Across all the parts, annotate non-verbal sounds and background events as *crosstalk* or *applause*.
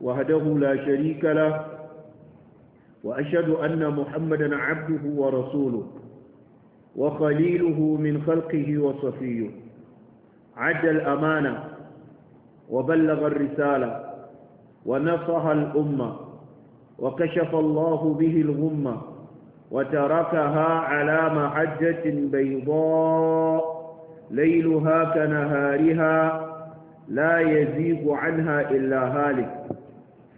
وهده لا شريك له وأشهد أن محمدا عبده ورسوله وخليله من خلقه وصفيه عد الأمانة وبلغ الرسالة ونصح الأمة وكشف الله به الغمة وتركها على محجة بيضاء ليلها كنهارها لا يزيغ عنها إلا هالك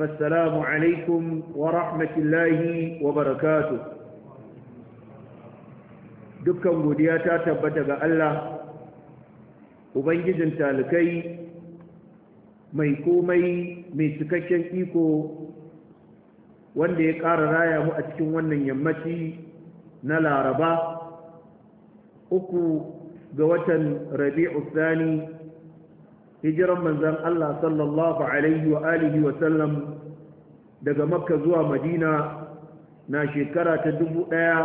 فالسلام عليكم ورحمة الله وبركاته دكاً مدياتا تبتغى الله وبنجزن تالكي ميكومي ميتكشن إيكو wanda ya ƙara raya mu a cikin wannan yammaci na laraba ربيع الثاني hijiran manzan Allah sallallahu alaihi wa alihi wa sallam daga makka zuwa madina na shekara ta dubu ɗaya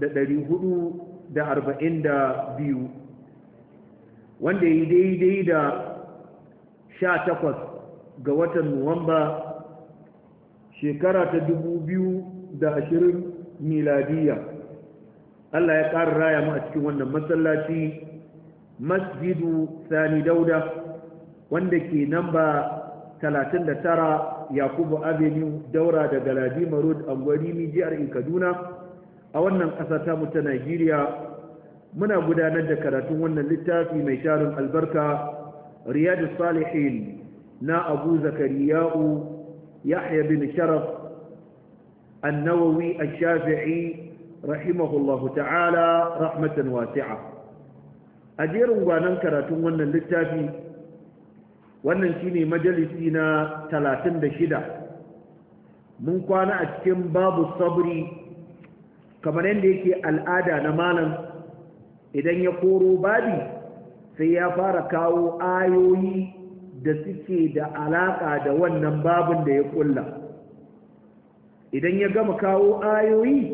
da ɗari hudu da arba'in da biyu wanda yi daidai da sha takwas ga watan nuwamba shekara ta dubu biyu da ashirin miladiya Allah ya ƙara raya mu a cikin wannan masallaci masjidu sani dauda wanda ke namba 39 yakubu avenue daura da galadima road angwarimi jihar kaduna a wannan ƙasa ta mu ta nigeria muna gudanar da karatun wannan littafi mai sharin albarka riyadu salihin na abu zakariya'u yahya bin sharaf annawawi a shafii rahimahullahu ta'ala rahmatan wasi'a a jerin gwanan karatun wannan littafi wannan shine majalisi na 36 mun kwana a cikin babu sabri kamar yadda yake al'ada na malam idan ya koro babi sai ya fara kawo ayoyi da suke da alaka da wannan babin da ya kulla idan ya gama kawo ayoyi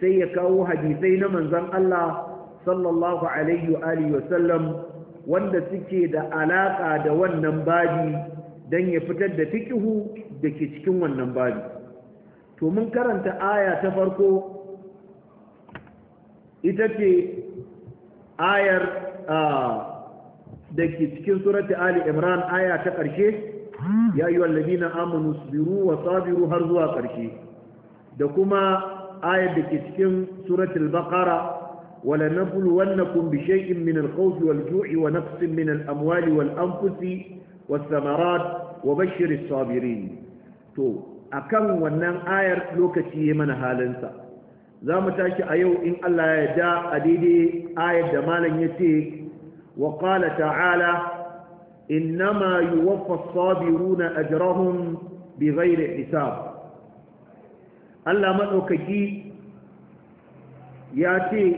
sai ya kawo hadisai na manzon Allah sallallahu alaihi wa sallam wanda suke da alaƙa da wannan babi don ya fitar da fikihu da ke cikin wannan babi to mun karanta aya ta farko ita ce ayar da ke cikin surati ali imran aya ta ƙarshe ya yi wallabi na amonu biru wa sabiru har zuwa ƙarshe da kuma ayar da ke cikin suratul baqara ولنبلونكم بشيء من الخوف والجوع ونقص من الأموال والأنفس والثمرات وبشر الصابرين تو أكم ونن آير لوكتي من هالنسا زام تاشي أيو إن الله يدع أديدي آية دمالا يتيك وقال تعالى إنما يوفى الصابرون أجرهم بغير حساب الله مدوكتي ياتي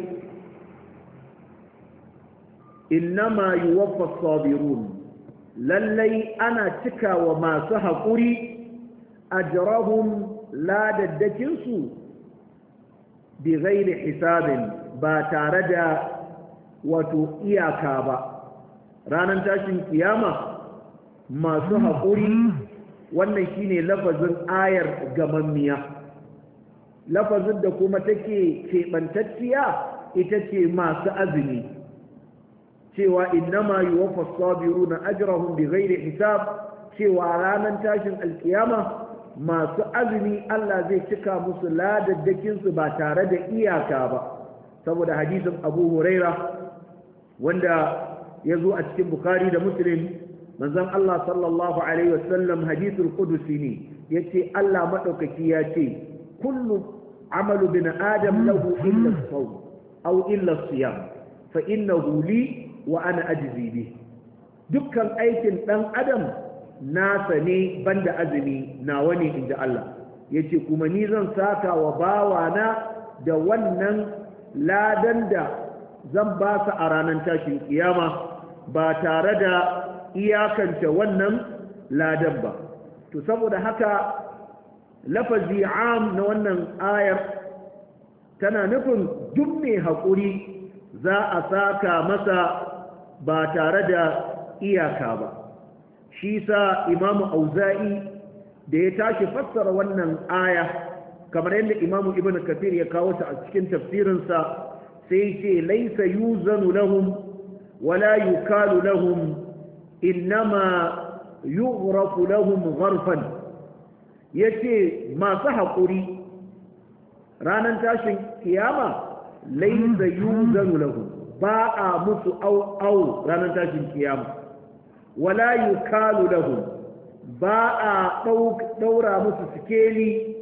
innama yuwaffa sabirun lallai ana cika wa masu haƙuri ajrahum ladaddakin su bi hisabin ba tare da wato iyaka ba ranar tashin kiyama masu mm-hmm. haƙuri wannan shine lafazin ayar gamammiya lafazin da kuma take keɓantacciya ita ce masu azumi cewa innama yuwaffa sabiruna ajrahum bighairi hisab cewa ranar tashin alkiyama masu azumi Allah zai cika musu ladaddakinsu ba tare da iyaka ba saboda hadisin Abu Huraira wanda ya zo a cikin Bukhari da Muslim manzon Allah sallallahu alaihi wasallam hadithul qudusi ne yace Allah maɗaukaki ya ce kullu amalu bin adam lahu illa as-sawm illa siyam fa innahu li wa ana ajizi bi dukkan aikin dan adam nasa ne banda azumi nawa ne inda Allah Ya ce kuma ni zan saka wa bawana da wannan ladan da zan ba su a ranar tashin kiyama ba tare da iyakanta wannan ladan ba to saboda haka lafazi am na wannan ayar tana nufin duk mai haƙuri za a saka masa ba tare da iyaka ba shi sa imamu auza'i da ya tashi fassara wannan aya kamar yadda imamu ibn kafir ya kawo ta a cikin tafsirinsa sai ce laisa yuzanu lahum wala yukalu lahum innama yughrafu lahum gharfan yace masu haƙuri ranar tashin kiyama laisa yuzanu lahum ba a musu au au ranar tashin kiyama wala yukalu lahu ba a daura musu sikeli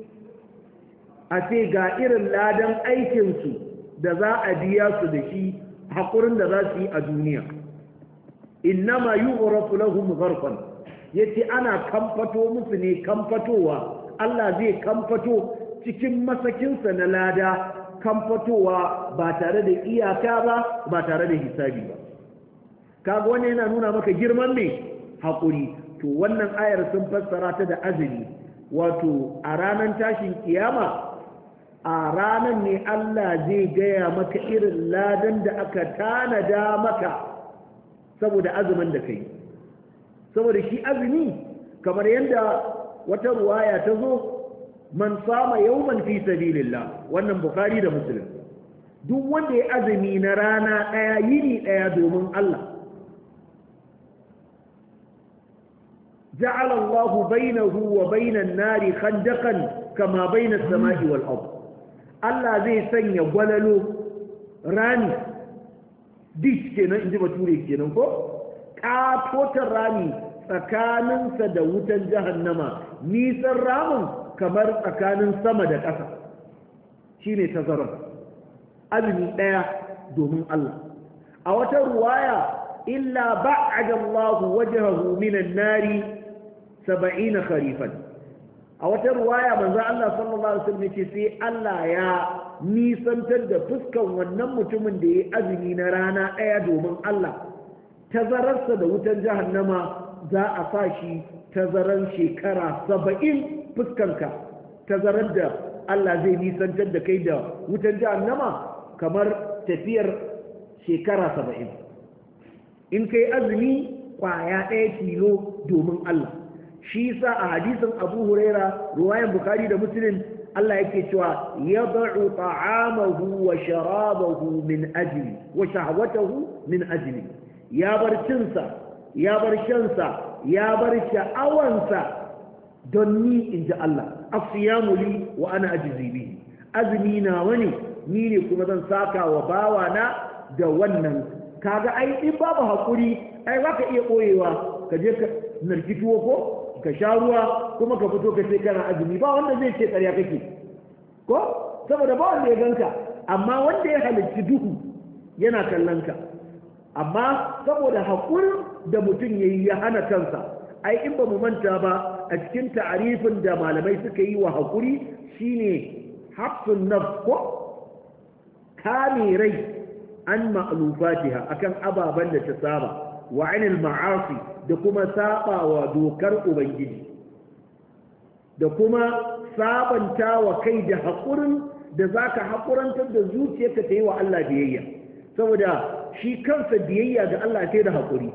a ce ga irin ladan aikinsu da za a biya su da shi haƙurin da za su yi a duniya innama yu'rafu lahum Ya yace ana kamfato musu ne kamfatowa Allah zai kamfato cikin masakinsa na lada fitowa ba tare da iyaka ba ba tare da hisabi ba kaga wannan yana nuna maka girman ne hakuri to wannan ayar sun fassara ta da azumi wato a ranar tashin kiyama a ranan ne Allah zai gaya maka irin ladan da aka tanada maka saboda azumin da kai saboda shi azumi kamar yadda wata ruwaya ta zo man sama yawman fi sabilillah wannan bukhari da muslim duk wanda ya azumi na rana daya yini daya domin Allah ja'ala Allahu bainahu wa bainan nari khandaqan kama bainas samai wal ard Allah zai sanya gwalalo rani dish kenan inji bature kenan ko katotar rami tsakaninsa da wutan jahannama nisan ramin kamar tsakanin sama da ƙasa ne tazarar azumi ɗaya domin Allah a wata ruwaya illa ba'ada Allah wajhahu minan nari 70 kharifan a wata ruwaya manzo Allah sallallahu alaihi wasallam yace sai Allah ya nisantar da fuskan wannan mutumin da yayi azumi na rana ɗaya domin Allah tazararsa da wutan jahannama za a sa shi tazaran shekara saba'in fuskanka tazarar da Allah zai nisantar da kai da wutan jahannama kamar tafiyar shekara saba'in in kai azumi kwaya ɗaya tilo domin Allah shi sa a hadisin abu huraira ruwayan bukari da musulun, Allah yake cewa ya ba'u ta'amahu wa sharabahu min ajli wa shahwatahu min ajli ya bar cinsa ya bar shansa ya bar sha'awansa don ni in ji Allah asiyamu li wa ana ajizi bi. azumi na wani ni ne kuma zan saka wa bawa na da wannan kaga ai in babu hakuri ai za ka iya ɓoyewa. ka je ka narki tuwo ko ka sha ruwa kuma ka fito ka ce kana azumi ba wanda zai ce ƙarya kake ko saboda ba wanda ya ganka amma wanda ya halicci duhu yana kallon ka amma saboda haƙurin da mutum ya yi ya hana kansa ai in ba mu manta ba a cikin ta'arifin da malamai suka yi wa haƙuri shine hafsun nafs ko kame rai an ma'alufatiha akan ababen da ta saba wa anil da kuma saba wa dokar ubangiji da kuma sabanta wa kai da haƙurin da zaka haƙurantar da zuciyarka ta yi wa Allah biyayya saboda shi kansa biyayya ga Allah sai da haƙuri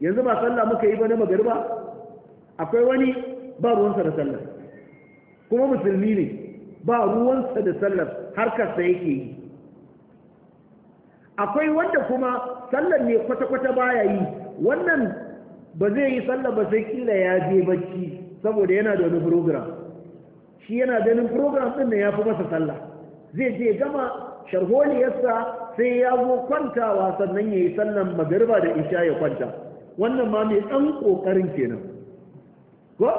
yanzu ba sallah muka yi ba na magarba akwai wani ba ruwansa da sallar kuma musulmi ne ba ruwansa da sallar harkarsa yake yi akwai wanda kuma sallar ne kwata-kwata baya yi wannan ba zai yi sallar ba sai kila ya je bacci saboda yana da wani program shi yana da wani program din da ya fi masa sallah zai je gama sharholiyarsa sai ya zo kwantawa sannan ya yi sallan magariba da isha ya kwanta wannan ma mai ɗan ƙoƙarin kenan ko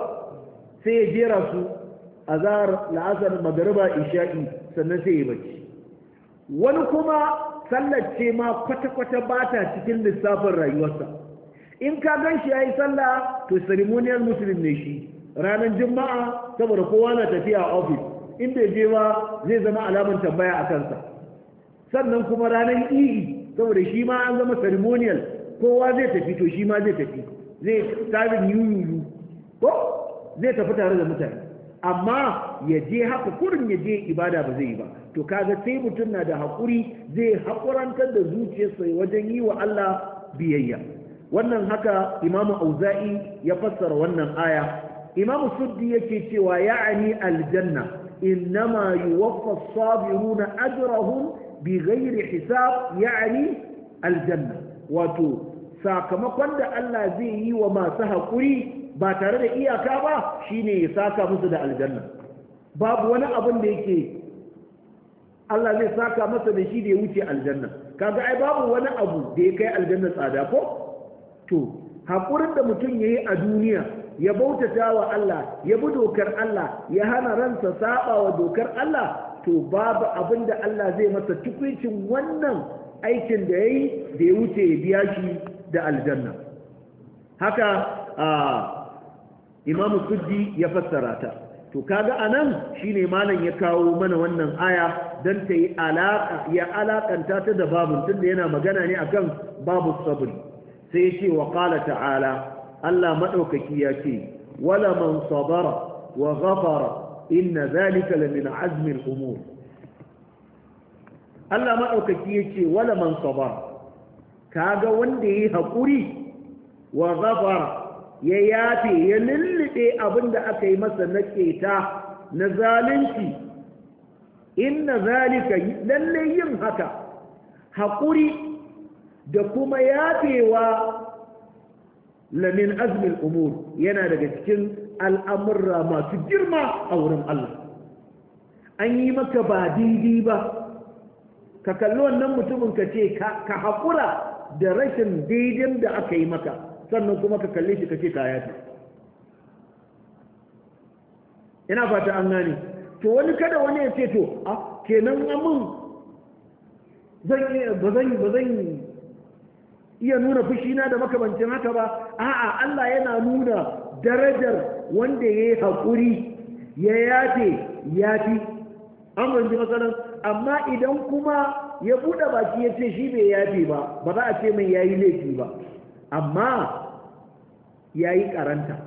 sai ya jera su azhar la'asar magariba isha'i sannan sai ya bacci wani kuma sallar ce ma kwata-kwata ba cikin lissafin rayuwarsa in ka gan shi ya yi sallah to ceremonial muslim ne shi ranar juma'a saboda kowa na tafiya a ofis in bai je ba zai zama alamun tambaya a kansa sannan kuma ranar iyi saboda shi ma an zama ceremonial kowa zai tafi to shi ma zai tafi zai tarin yuyuyu ko zai tafi tare da mutane amma ya je haka kurin ya je ibada ba zai yi ba to kaga sai mutum na da haƙuri zai haƙurantar da zuciyarsa wajen yi wa Allah biyayya wannan haka imamu auza'i ya fassara wannan aya imamu suddi yake cewa ya'ani aljanna innama yuwaffa as-sabiruna ajrahum bighairi hisab ya'ani aljanna wato sakamakon da Allah zai yi wa masu haƙuri ba tare da iyaka ba shine ya saka musu da aljanna babu wani abin da yake Allah zai saka masa da shi da ya wuce aljanna kaga ai babu wani abu da ya kai aljanna tsada ko to hakurin da mutum yayi a duniya ya bautata wa Allah ya bi dokar Allah ya hana ransa saba wa dokar Allah to babu abin da Allah zai masa tukuncin wannan aikin da yayi da ya wuce ya biya shi da aljanna haka a ah, imamu suddi ya fassara ta to kaga anan shine malam ya kawo mana wannan aya dan ta yi alaka ya alakanta ta da babun tunda yana magana ne akan babu sabri sai ya ce wa qala ta'ala Allah madaukaki ya ce wala man sabara wa ghafara inna zalika lamin azmi al-umur Allah madaukaki yace wala man sabar kaga wanda yayi hakuri wa ghafara ya yafe ya lullube abin da aka yi masa na keta na zalunci inna zalika lalle yin haka haƙuri da kuma yafewa lamin azmin umur yana daga cikin al'amurra masu girma a wurin Allah an yi maka ba didi ba ka kalli nan mutumin ka ce ka haƙura da rashin daidai da aka yi maka sannan kuma ka kalle shi ka ce kaya ta ina fata an gane to wani kada wani ya ce to a kenan amin zan ba zan ba iya nuna fushina da makamancin haka ba a'a Allah yana nuna darajar wanda ya yi haƙuri ya yafe yafi an banji matsalan amma idan kuma ya buɗe baki ya ce shi bai yafe ba ba za a ce mai yayi laifi ba amma ya yi karanta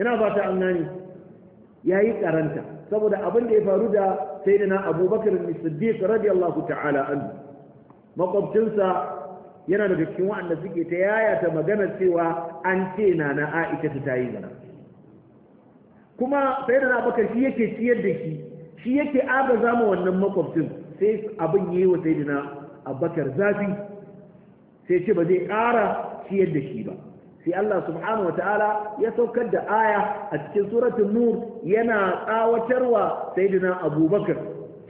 ina fata an gani. ya yi karanta saboda abin da ya faru da sai da na abubakar siddiq radiyallahu ta'ala an makwabcinsa yana daga cikin wa'anda suke ta yaya ta magana cewa an ce na na aisha ta tayi zana kuma sai da na abubakar shi yake ciyar da shi shi yake agaza ma wannan makwabcin sai abin yi wa sai da na abubakar zafi sai ce ba zai ƙara ciyar da shi ba sai Allah subhanahu wa ta'ala ya saukar da aya a cikin suratun nur yana tsawatarwa sayyidina abubakar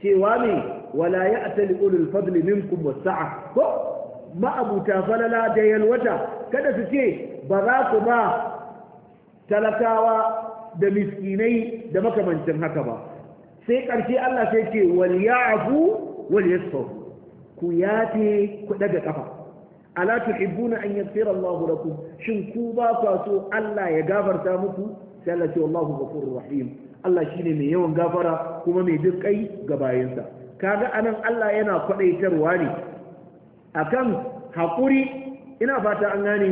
cewa ne wala ya'ta li ulul fadli minkum was-sa'a ko ma'abuta falala da yalwata kada su ce ba za ku ba talakawa da miskinai da makamancin haka ba sai ƙarshe Allah sai ce wal ya'fu wal yasfu ku yafe ku daga kafa ala tuhibbuna an yaghfira Allahu lakum shin ku ba ku so Allah ya gafarta muku sai Allah ce wallahu ghafurur rahim Allah shine mai yawan gafara kuma mai duk kai ga bayansa kaga anan Allah yana kwadaitarwa ne akan hakuri ina fata an gane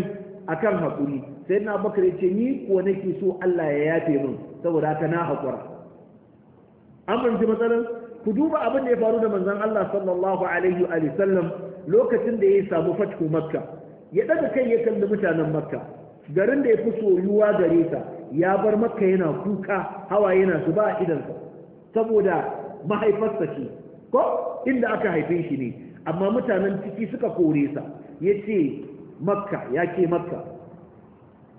akan hakuri sai na bakar ya ce ni kuwa nake so Allah ya yafe min saboda haka na hakura an fahimci matsalar ku duba abin da ya faru da manzon Allah sallallahu alaihi wa sallam lokacin da ya samu fatku makka ya daga kai ya kalli mutanen makka garin da ya fi soyuwa gare ta ya bar makka yana kuka hawa yana zuba a idansa saboda mahaifarsa ce ko inda aka haife shi ne amma mutanen ciki suka kore sa ya ce makka ya ke makka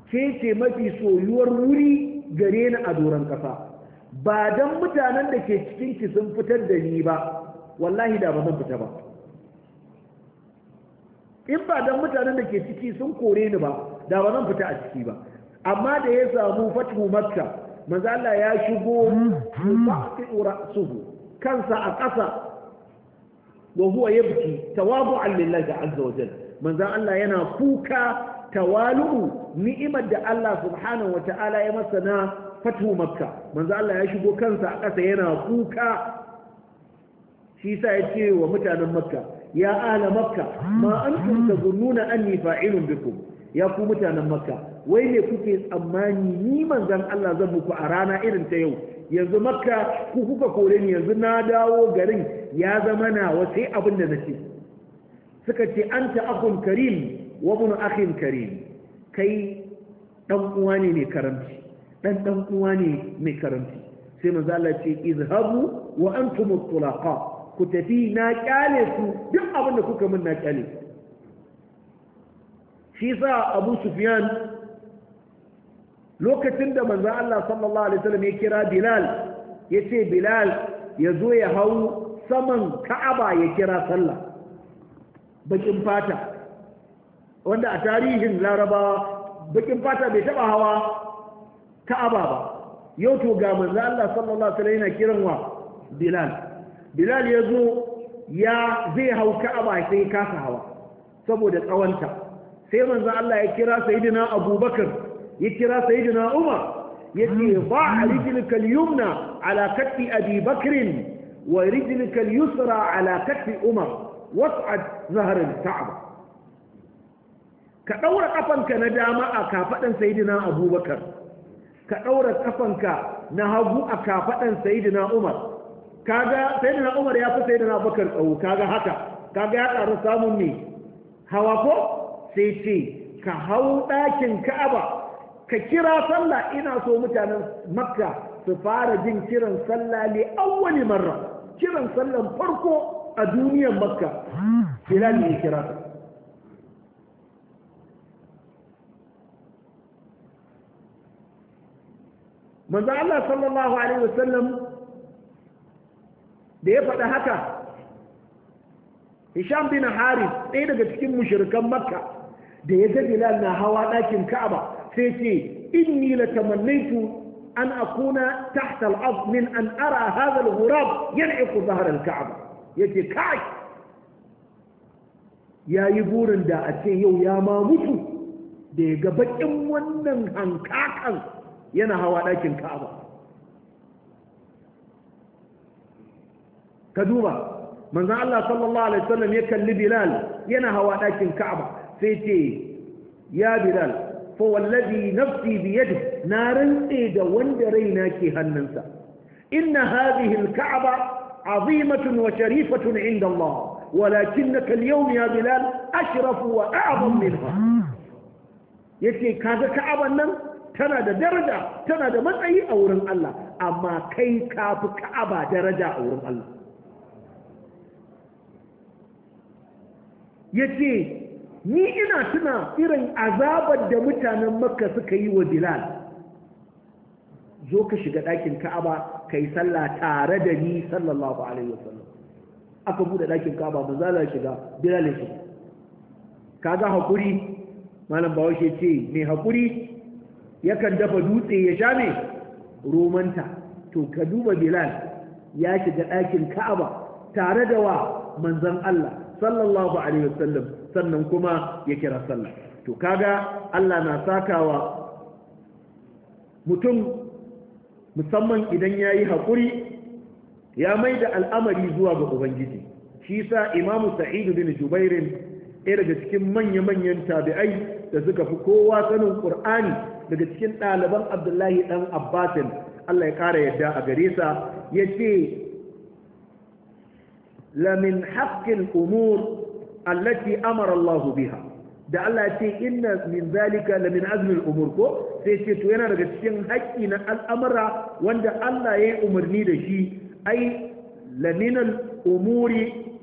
Ke ce mafi soyuwar wuri gare ni a doron ƙasa ba don mutanen da ke cikin ki sun fitar da ni ba wallahi da ba zan fita ba in ba dan mutanen da ke ciki sun kore ni ba da ba zan fita a ciki ba amma da ya samu fatihu makka manzo Allah ya shigo fa'ti ra'suhu kansa a ƙasa wa huwa yabki tawadu'an lillahi azza wa jalla manzo Allah yana kuka tawalu'u ni'imar da Allah subhanahu wa ta'ala ya masa na fatihu makka manzo Allah ya shigo kansa a ƙasa yana kuka shi ya ce wa mutanen makka ya ala makka ma antum tazunnuna annifa, Irin bikum ya ku mutanen makka wai me kuke tsammani ni manzon Allah zan buku a rana irin ta yau yanzu makka ku kuka kore ni yanzu na dawo garin ya zama nawa sai abin da nace suka ce anta akhun karim wa ibn akhin karim kai dan uwa ne mai karamci sai manzo ce izhabu wa antum tulaqa ku tafi na kyale su duk abin da kuka min na kyale shi sa abu sufyan lokacin da manzan Allah sallallahu alaihi wasallam ya kira bilal ya ce bilal ya zo ya hau saman ka'aba ya kira sallah bakin fata wanda a tarihin larabawa bakin fata bai taba hawa ka'aba ba yau to ga manzo Allah sallallahu alaihi wasallam yana kiran wa Bilal bilal ya zo ya zai hau ka'aba sai kasa hawa saboda tsawonta sai manzon Allah ya kira sayyidina abubakar ya kira sayyidina umar yace hmm. ba a al-yumna ala kaffi wa rijlika yusra ala umar was'ad zahr al ka ɗaura ƙafanka na dama a kafaɗan sayidina abubakar ka ɗaura ƙafanka na hagu a kafaɗan sayidina umar kaga sai da umar ya fi sai da bakar tsawo kaga haka kaga ya karu samun ne hawa ko sai ce ka hau ɗakin ka'aba ka kira sallah ina so mutanen makka su fara jin kiran sallah ne awwali marra kiran sallan farko a duniyar makka bilal ne kira ta manzo Allah sallallahu alaihi wasallam da ya faɗa haka hisham bin haris ɗaya daga cikin mushirikan makka da ya ga bilal na hawa ɗakin ka'aba sai ce inni la tamannaitu an akuna tahta al min an ara hadha al-ghurab yan'iqu zahar al-ka'aba yace kai yayi burin da a ce yau ya ma mutu da ya ga bakin wannan hankakan yana hawa ɗakin ka'aba ka duba manzon Allah sallallahu alaihi wasallam ya kalli Bilal yana hawa ɗakin Ka'aba sai ce ya Bilal fa wallazi nafsi bi yadi na rantse da wanda raina ke hannunsa inna hadhihi al-Ka'aba azimatun wa sharifatun inda Allah ولكنك ya Bilal بلال أشرف وأعظم منها yace kaga ka'aban nan tana da daraja tana da matsayi a wurin Allah amma kai kafi ka'aba daraja a wurin Allah ya ce ni ina tuna irin azabar da mutanen makka suka yi wa bilal zo ka shiga ɗakin ka'aba ka yi sallah tare da ni sallallahu alaihi wasallam aka buɗe ɗakin ka'aba ba za shiga bilal ya shiga ka ga haƙuri malam ya ce mai haƙuri yakan dafa dutse ya sha mai romanta to ka duba bilal ya shiga ɗakin ka'aba tare da wa manzan Allah sallallahu alaihi wasallam sannan kuma ya kira sallah to kaga Allah na sakawa mutum musamman idan ya yi haƙuri ya mai da al'amari zuwa ga ubangiji shi sa imamu sa'idu bin jubairin ɗaya daga cikin manya-manyan tabi'ai da suka fi kowa sanin ƙur'ani daga cikin ɗaliban abdullahi ɗan abbasin allah ya ƙara yadda a gare sa ya ce lamin haƙƙin umur allati amarallahu biha da Allah ya ce inna min zalika lamin azmin umur ko sai ce to yana daga cikin haƙƙi na al'amara wanda Allah ya yi umarni da shi ai lamin umuri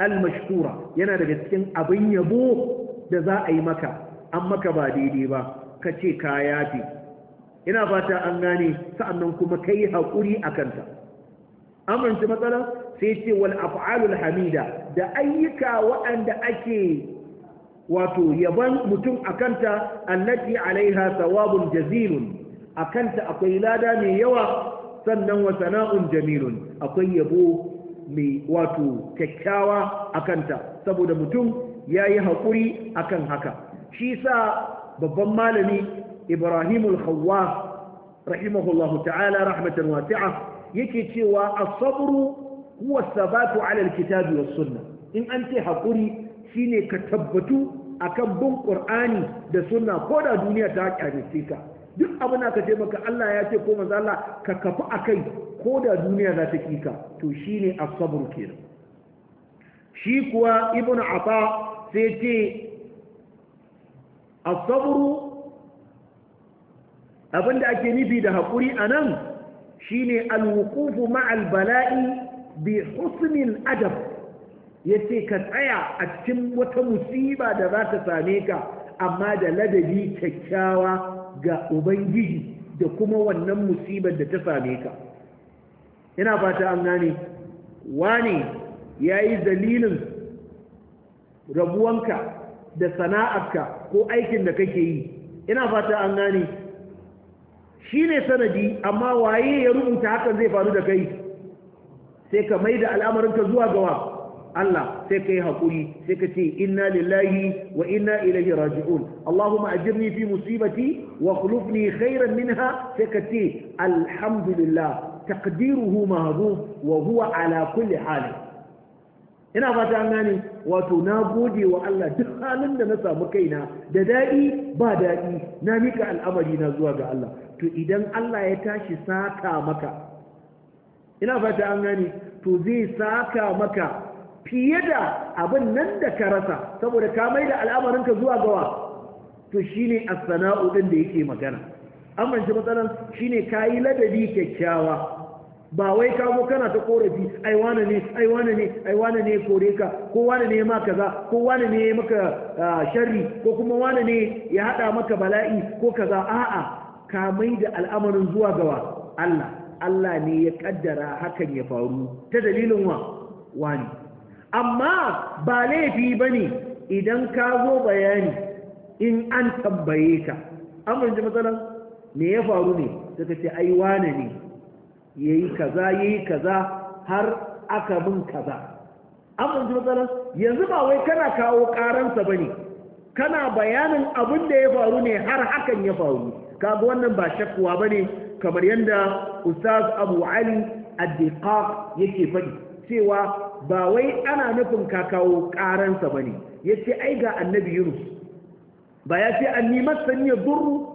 al-mashkura yana daga cikin abin yabo da za a yi maka an maka ba daidai ba ka ce ka yafi ina fata an gane sa'annan kuma kai haƙuri a kanta amince matsalar sai ce wal af'alul hamida da ayyuka waɗanda ake wato yaban mutum akanta allati alaiha thawabun jazilun akanta akwai lada mai yawa sannan wa sana'un jamilun akwai yabo mai wato kyakkyawa akanta saboda mutum yayi hakuri akan haka shi sa babban malami Ibrahimul Khawwa rahimahullahu ta'ala rahmatan wasi'a yake cewa asabru huwa sabatu ala alkitabi was in an ce hakuri shine ka tabbatu akan bin qur'ani da sunna ko da duniya ta kyamace ka duk abin ka taimaka, maka Allah ya ce ko manzo Allah ka kafu akai ko da duniya za ta kika to shine as-sabr kenan shi kuwa ibnu ata sai ce as-sabr abinda ake nufi da hakuri anan shine al-wuqufu ma'al bala'i bi husnil adab ce ka tsaya a cikin wata musiba da za ta same ka amma da ladabi kyakkyawa ga ubangiji da kuma wannan musibar da ta same ka ina fata an gane wani yayi dalilin rabuwanka da sana'arka ko aikin da kake yi ina fata an gane shi ne sanadi amma waye ya rubuta hakan zai faru da kai sai ka mai da al'amarinka zuwa gawa Allah sai ka yi haƙuri sai ka ce inna lillahi wa inna ilahi raji'un Allahumma ajirni fi musibati wa khulufni khairan minha sai ka ce alhamdulillah taqdiruhu mahdhuf wa huwa ala kulli hal ina fata an gane wato na gode wa Allah duk halin da na samu kaina da daɗi ba daɗi na mika al'amari na zuwa ga Allah to idan Allah ya tashi saka maka ina fata an gani to zai saka maka fiye da abin nan da ka rasa saboda ka mai da al'amarinka zuwa gawa to shine as-sana'u ɗin da yake magana an shi matsalan shine kayi ladabi kyakkyawa ba wai ka zo kana ta korafi ai wane ne ai wane ne ai wane ne kore ka ko wane ne ma kaza ko wane ne maka ah, sharri ko kuma wane ne ya hada maka bala'i ko kaza a'a ka mai da al'amarin zuwa gawa Allah Allah ne ya kaddara hakan ya faru ta dalilin wa wani amma ba laifi bane idan ka zo bayani in an tambaye ka amurin ji matsalan me ya faru ne suka ce ai wane ne yayi kaza yayi kaza har aka bin kaza amurin ji matsalan yanzu ba wai kana kawo karansa bane kana bayanin abin da ya faru ne har hakan ya faru kaga wannan ba shakkuwa bane kamar yadda ustaz abu ali addiqaq yake faɗi cewa ba wai ana nufin kakawo karansa ba ne ya ce ai ga annabi yunus ba ya ce an nimar sanya duru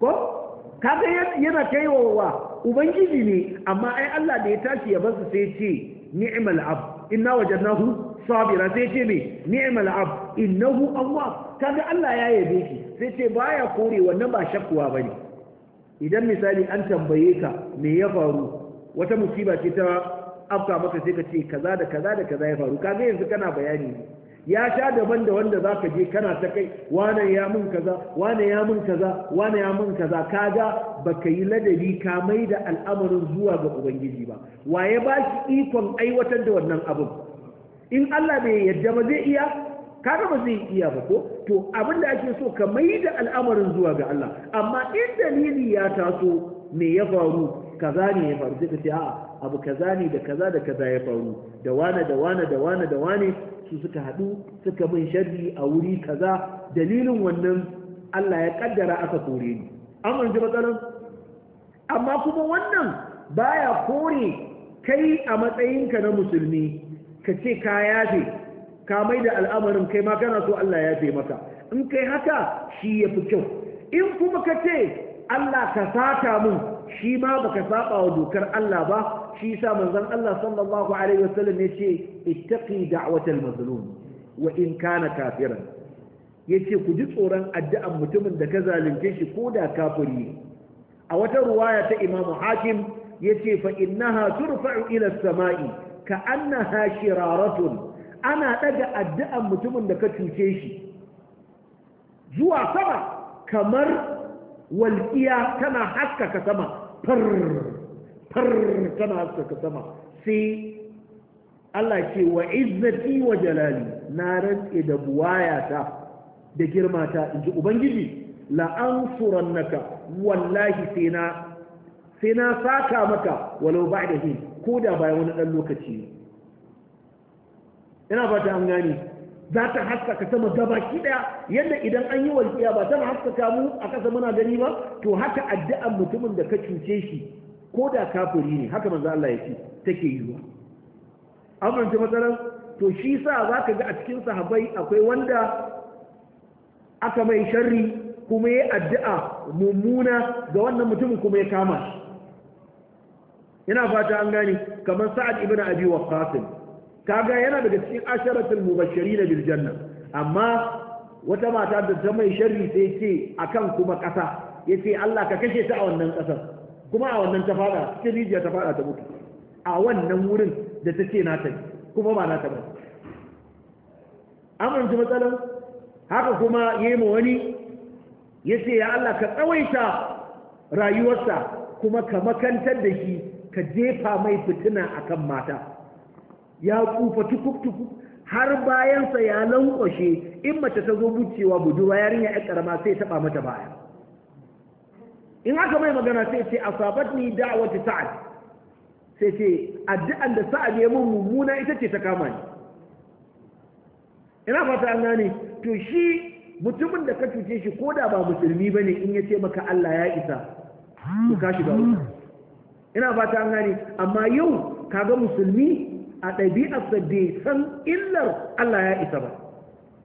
ko kaga yana kaiwa ubangiji ne amma ai allah da ya tashi ya basu sai ce ni'mal ab inna wajadnahu sabira sai ce ne ni'mal ab innahu allah kaga allah ya yabe shi sai ce baya kore wannan ba shakkuwa bane idan misali an tambaye ka me ya faru wata musiba ce ta afka maka sai ka ce kaza da kaza da kaza ya faru kaga yanzu kana bayani ya sha daban da wanda za ka je kana ta kai wane ya mun kaza wane ya mun kaza wane ya mun kaza kaga ka yi ladabi ka mai da al'amarin zuwa ga ubangiji ba waye ba shi ikon aiwatar da wannan abin in Allah bai yarda ba zai iya kaga ba zai iya ba ko to abin da ake so ka mai da al'amarin zuwa ga Allah amma in dalili ya taso me ya faru kaza ne ya faru sai ka ce a'a abu kaza ne da kaza da kaza ya faru da wane da wane da wane da wane su suka haɗu suka min sharri a wuri kaza dalilin wannan Allah ya kaddara aka kore ni an ji matsalan amma kuma wannan baya kore kai a matsayinka na musulmi ka ce ka yafe ka mai da al'amarin kai ma kana so Allah ya fi maka in kai haka shi ya fi kyau in kuma ka ce Allah ka saka mun shi ma baka saba wa dokar Allah ba shi sa manzon Allah sallallahu alaihi wasallam ya ce ittaqi da'watal mazlum wa in kana kafiran yace ku ji tsoron addu'an mutumin da ka zalunce shi ko da kafiri a wata ruwaya ta Imam Hakim yace fa innaha turfa'u ila as-sama'i ka annaha shiraratun ana ɗaga addu'an mutumin da ka cuce shi zuwa sama kamar walƙiya tana haskaka sama farrrr tana haskaka sama sai Allah ce wa izzati wa jalali na rantse da buwayata da girmata in ji ubangiji La'an naka wallahi sai na saka maka walau ba da hin ko da bayan wani ɗan lokaci ina ba ta an gane za ta haskaka sama gabaki daya yadda idan an yi walƙiya ba ta haskaka mu a ƙasa muna gani ba to haka addu'an mutumin da ka cuce shi ko da kafiri ne haka manzo Allah ya ce take yiwa amman ta matsalar to shi sa za ka ga a cikin sahabbai akwai wanda aka mai sharri kuma ya addu'a mummuna ga wannan mutumin kuma ya kama shi ina fata an gane kamar sa'ad ibn abi waqqas kaga yana daga cikin asharatul mubashirin bil janna amma wata mata da ta mai sharri sai ce akan kuma kasa yace Allah ka kashe ta a wannan kasar kuma a wannan ta fada cikin rijiya ta fada ta mutu a wannan wurin da ta ce nata kuma ba nata ba amince matsalan haka kuma yema wani yace ya Allah ka tsawaita rayuwarsa kuma ka makantar da shi ka jefa mai fitina akan mata ya tsufa tukuk-tukuk har bayansa ya lankwashe in mace ta zo bucewa budurwa yarinya ya karama sai taɓa mata baya in aka mai magana sai ce asabat ni sa'ad sai ce addu'an da sa'ad ya mun mummuna ita ce ta kama ni ina fata an gane to shi mutumin da ka cuce shi ko da ba musulmi bane in ya ce maka Allah ya isa to ka shiga wuta ina fata an gane amma yau kaga musulmi a ɗabi'arsa bai san illar Allah ya isa ba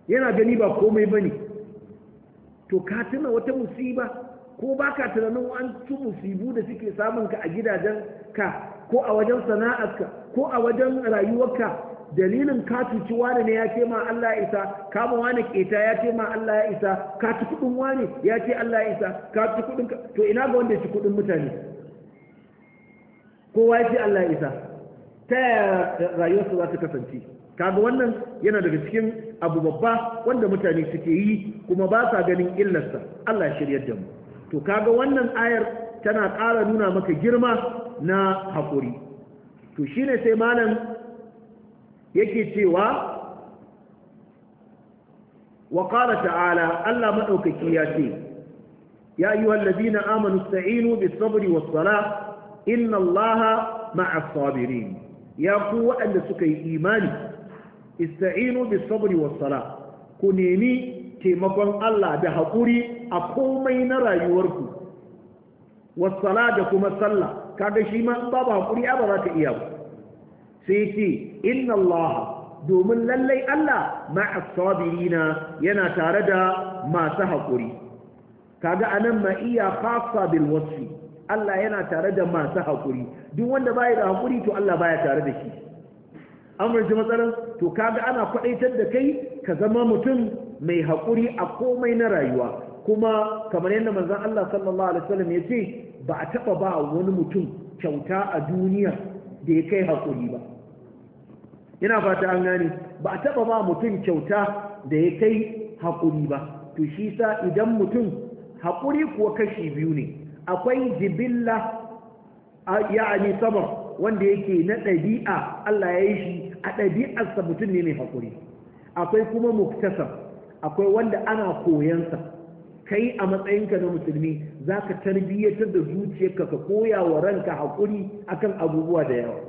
yana gani ba komai ba ne to ka tuna wata musiba ko ba ka tunanin an ci musibu da suke samun ka a gidajen ka ko a wajen sana'arka ko a wajen rayuwarka dalilin ka cuci wani ne ya ce ma Allah ya isa ka wani keta ya ce ma Allah ya isa ka ci kudin wani ya ce Allah ya isa ka ci kudin to ina ga wanda ya ci kudin mutane kowa ya ce Allah ya isa ta yaya rayuwarsu za ta kasance kaga wannan yana daga cikin abu babba wanda mutane suke yi kuma ba sa ganin illarsa Allah ya shiryar da mu to kaga wannan ayar tana ƙara nuna maka girma na haƙuri to shine sai malam yake cewa wa qala ta'ala Allah madaukaki ya ce ya ayyuhal ladina amanu sa'inu bis sabri was salah inna Allaha ma'as sabirin ya ku waɗanda suka yi imani ista'inu bis sabri was sala ku nemi taimakon Allah da haƙuri a komai na rayuwarku was sala da kuma sallah kaga shi ma babu haƙuri ba za ta iya ba sai ce inna Allah domin lallai Allah ma'a sabirina yana tare da masu haƙuri kaga anan ma iya khassa bil wasfi Allah yana tare da masu haƙuri duk wanda baya da hakuri to Allah baya tare da shi ji matsalar to kaga ana kwadaitar da kai ka zama mutum mai hakuri a komai na rayuwa kuma kamar yadda manzon Allah sallallahu alaihi wasallam ya ce ba a taba ba wani mutum kyauta a duniya da ya kai hakuri ba ina fata an gane ba a taba ba mutum kyauta da ya kai hakuri ba to shi sa idan mutum hakuri kuwa kashi biyu ne akwai jibilla ya'ani sabar wanda yake na ɗabi'a Allah ya yi shi a ɗabi'arsa mutum ne mai haƙuri akwai kuma muktasab akwai wanda ana koyansa kai a matsayinka na musulmi za ka tarbiyyatar da zuciyarka ka koya wa ranka haƙuri akan abubuwa da yawa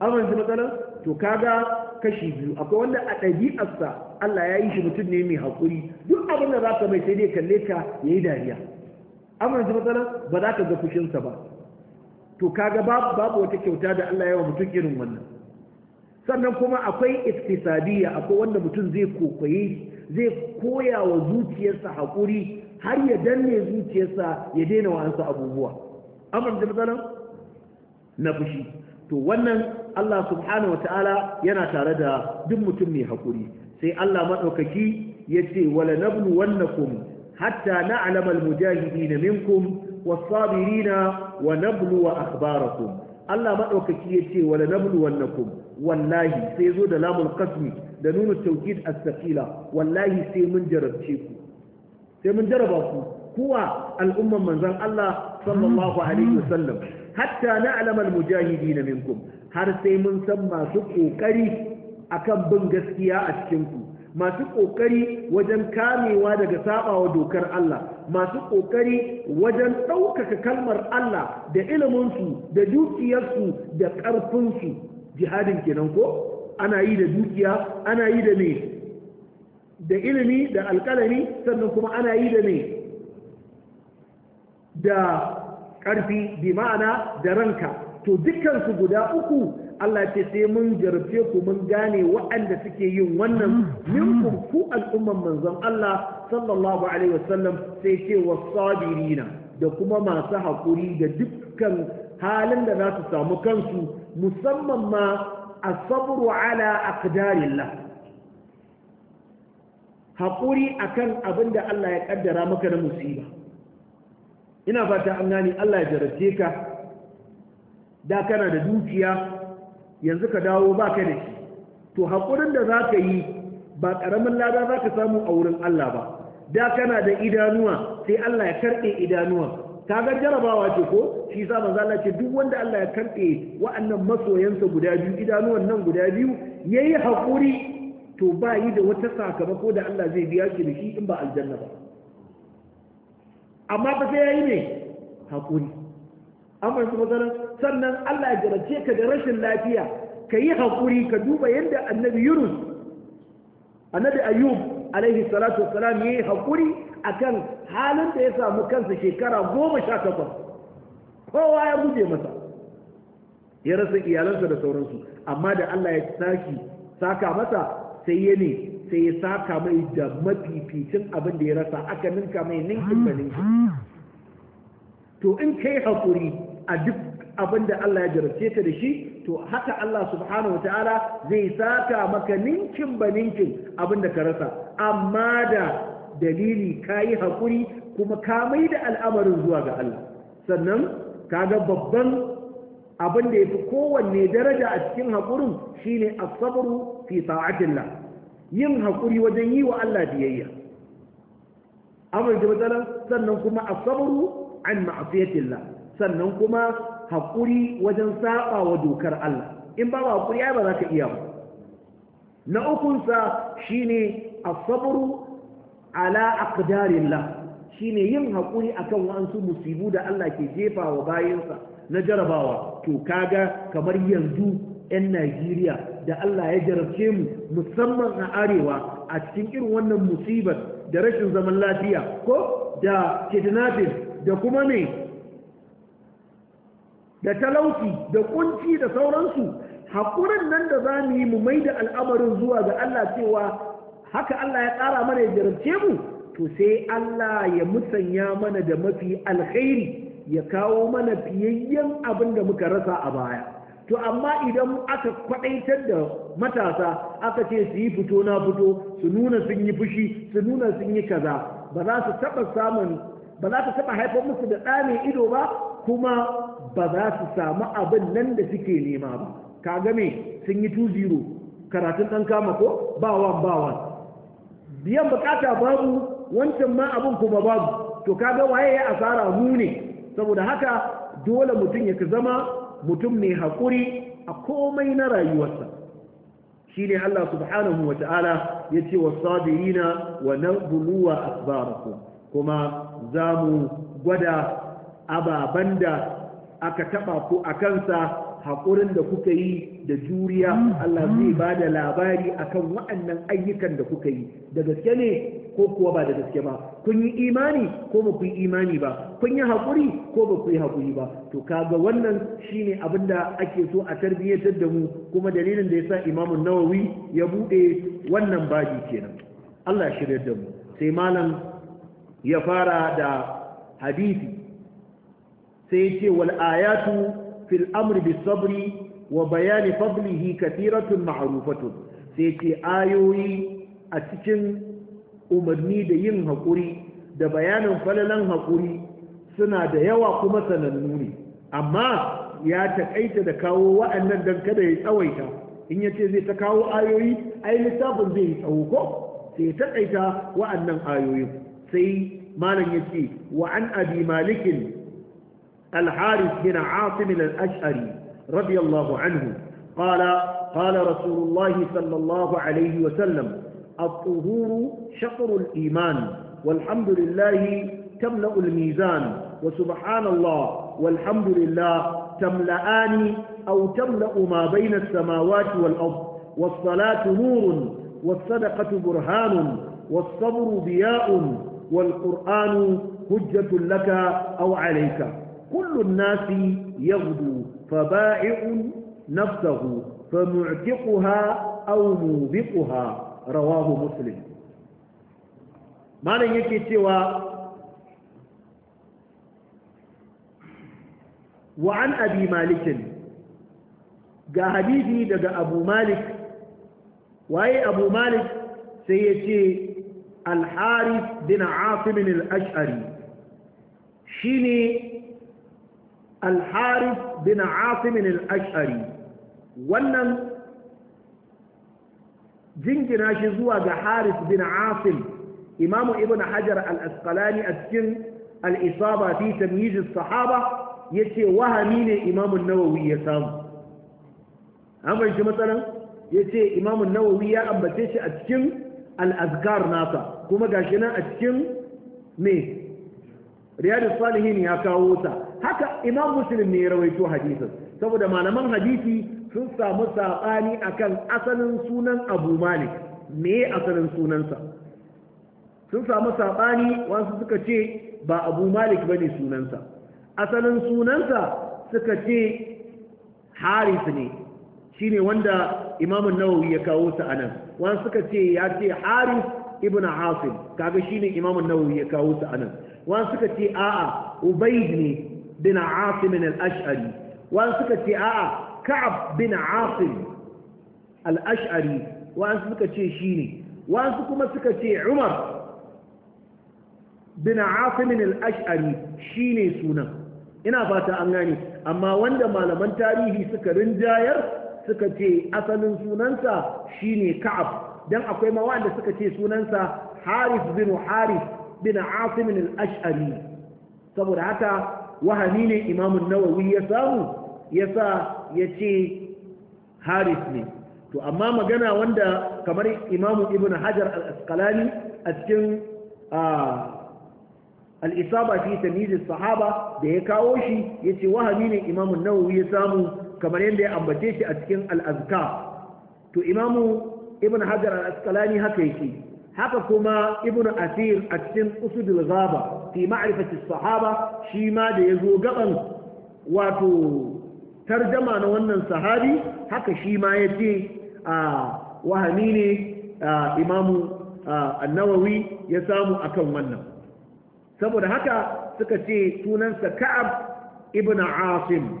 amince matsalar to kaga kashi biyu akwai wanda a ɗabi'arsa Allah ya yi shi mutum ne mai haƙuri duk abin da za ka mai sai dai kalle ka ya yi dariya amince matsalar ba za ka ga fushinsa ba to kaga babu babu wata kyauta da Allah ya wa mutum irin wannan sannan kuma akwai iktisadiyya akwai wanda mutum zai kokoye zai koya wa zuciyarsa hakuri har ya danne zuciyarsa ya daina wa'ansa abubuwa amma da matsalan na fushi to wannan Allah subhanahu wa ta'ala yana tare da duk mutum mai hakuri sai Allah maɗaukaki ya ce wala nabnu wannakum hatta na'lamal mujahidin minkum wasabirina wa nablu wa akhbarakum Allah madaukaki yace wa nablu wannakum wallahi sai zo da lamul kasmi da nuna tawkid as-saqila wallahi sai mun jarabce ku sai mun jaraba ku kuwa al'umman manzon Allah sallallahu alaihi wasallam hatta na'lam al-mujahidin minkum har sai mun san masu ƙoƙari akan bin gaskiya a cikin ku masu ƙoƙari wajen kamewa daga sabawa dokar Allah masu ƙoƙari wajen ɗaukaka kalmar Allah da iliminsu da dukiyarsu da ƙarfinsu jihadin kenan ko ana yi da dukiya ana yi da me da ilimi da alƙalami sannan kuma ana yi da me da ƙarfi bi ma'ana da ranka to dukkansu guda uku Allah ce sai mun jarfe ku mun gane waɗanda suke yin wannan minkum ku al'umman manzon Allah sallallahu alaihi wasallam sai ce wasabirina da kuma masu haƙuri da dukkan halin da za su samu kansu musamman ma asabru ala aqdarillah haƙuri akan abin da Allah ya ƙaddara maka na musiba ina fata an gane Allah ya jarabce ka da kana da dukiya yanzu ka dawo ba ka da shi to haƙurin da za ka yi ba ƙaramin lada za ka samu a wurin Allah ba da kana da idanuwa sai Allah ya karɓe idanuwa ka ga jarabawa ce ko shi sa manzo Allah ce duk wanda Allah ya karɓe wa'annan masoyansa guda biyu idanuwan nan guda biyu yayi haƙuri to ba yi da wata sakamako da Allah zai biya shi da shi in ba aljanna ba amma ba sai yayi ne haƙuri amma su matsalar sannan Allah ya jarace ka da rashin lafiya ka yi haƙuri ka duba yadda annabi yunus annabi ayyub alaihi salatu wasalam ya yi haƙuri a kan halin da ya samu kansa shekara goma sha takwas kowa ya guje masa ya rasa iyalansa da sauransu amma da Allah ya tashi saka masa sai ya ne sai ya saka mai da mafificin abin da ya rasa aka ninka mai ninkin ba ninkin ah, ah. to in kai haƙuri a duk abin da Allah ya jarabce ta da shi to haka Allah subhanahu wa ta'ala zai saka maka ninkin ba ninkin abin da ka rasa amma da dalili ka yi haƙuri kuma ka mai da al'amarin zuwa ga Allah sannan ka ga babban abin da ya fi kowanne daraja a cikin haƙurin shine as-sabru fi ta'atillah yin haƙuri wajen yi wa Allah biyayya amma da matsalar sannan kuma as-sabru an ma'afiyatillah sannan kuma haƙuri wajen saba wa dokar Allah in ba haƙuri ai ba za ka iya ba na ukunsa shine as-sabru ala aqdarillah shine yin haƙuri akan wa'ansu musibu da Allah ke jefa wa bayinsa na jarabawa to kaga kamar yanzu 'yan Najeriya da Allah ya jarabce mu musamman a arewa a cikin irin wannan musibar da rashin zaman lafiya ko da kidnapping da kuma ne da talauci da kunci da sauransu haƙurin nan da za mu yi mu mai da al'amarin zuwa ga Allah cewa haka Allah ya tsara mana ya jarabce mu to sai Allah ya musanya mana da mafi alkhairi ya kawo mana fiyayyen abin da muka rasa a baya to amma idan aka kwadaitar da matasa aka ce su yi fito na fito su nuna sun yi fushi su nuna sun yi kaza ba za su taɓa samun ba za ta taɓa haifar musu da ɗa ido ba kuma ba za su samu abin nan da suke nema ba ka me sun yi 2-0 karatun ɗan kama ko ba wan ba wan biyan bukata babu wancan ma abin kuma babu to kaga waye ya asara mu ne saboda haka dole mutum ya zama mutum mai haƙuri a komai na rayuwarsa shi ne Allah subhanahu wa ta'ala ya ce wa sabirina wa na buluwa asbarakum kuma za mu gwada ababen da aka taɓa ku a kansa haƙurin da kuka yi da juriya mm. Allah zai mm. ba da labari akan waɗannan ayyukan da kuka yi da gaske ne ko kuwa ba da gaske ba kun yi imani ko ba ku yi imani ba kun yi haƙuri ko ba ku yi haƙuri ba to kaga wannan shine abin da ake so a tarbiyyatar da mu kuma dalilin da yasa Imam Nawawi ya buɗe wannan baji kenan Allah shirya da mu sai malam ya fara da hadisi sai ya ce wal ayatu fil amri bis sabri wa bayani fadlihi katiratun ma'rufatun sai ce ayoyi a cikin umarni da yin haƙuri, da bayanin falalan hakuri suna da yawa kuma sanannu ne amma ya takaita da kawo wa'annan dan kada ya tsawaita in ya ce zai ta kawo ayoyi ai littafin zai tsawo ko sai taƙaita wa'annan ayoyin سي malam ya ce وعن أبي مالك الحارث بن عاصم الأشعري رضي الله عنه قال قال رسول الله صلى الله عليه وسلم الطهور شطر الإيمان والحمد لله تملأ الميزان وسبحان الله والحمد لله تملأان أو تملأ ما بين السماوات والأرض والصلاة نور والصدقة برهان والصبر ضياء والقرآن حجة لك أو عليك كل الناس يغدو فبائع نفسه فمعتقها أو موبقها رواه مسلم ما يكي سوى وعن أبي مالك ga hadisi daga abu malik waye abu malik sai ya ce al bin asim al shi shine alharis bin asim al wannan jingina shi zuwa ga haris bin asim imamu ibn hajar al a cikin al fi tamyiz as-sahaba yace wahami ne imamu nawawi ya samu an fahimci matsalan yace imamu nawawi ya ambace shi a cikin al nasa kuma gashi nan a cikin me riyadus salihin ya kawo ta haka imam muslim ne ya rawaito hadisin saboda malaman hadisi sun samu sabani akan asalin sunan abu malik me asalin sunansa sun samu sabani wasu suka ce ba abu malik bane sunansa asalin sunansa suka ce haris ne shine wanda imamun nawawi ya kawo ta anan wasu suka ce ya ce haris ibn hasim kaga shine imam an-nawawi ya kawo ta anan wa suka ce a'a ubayd ne bin asim al-ash'ari wa suka ce a'a ka'ab bin asim al-ash'ari wa suka ce shine wa su kuma suka ce umar bin asim al-ash'ari shine sunan ina fata an gane amma wanda malaman tarihi suka rinjayar suka ce asalin sunansa shine ka'ab dan akwai ma wanda suka ce sunansa Haris bin Harith bin Asim al-Ash'ari saboda haka wahani ne Imam Nawawi ya samu yasa ce Harith ne to amma magana wanda kamar Imam Ibn Hajar al-Asqalani a cikin al-Isaba fi Tamyiz sahaba da ya kawo shi yace wahani ne Imam Nawawi ya samu kamar yadda ya ambace shi a cikin al-Azkar to Imam ibn hajar al-asqalani haka yake haka kuma ibn asir a cikin usudul ghaba fi ma'rifati sahaba shi ma da yazo gaban wato tarjama na wannan sahabi haka shi ma yace a wahami ne imamu annawawi ya samu akan wannan saboda haka suka ce sunansa ka'ab ibn asim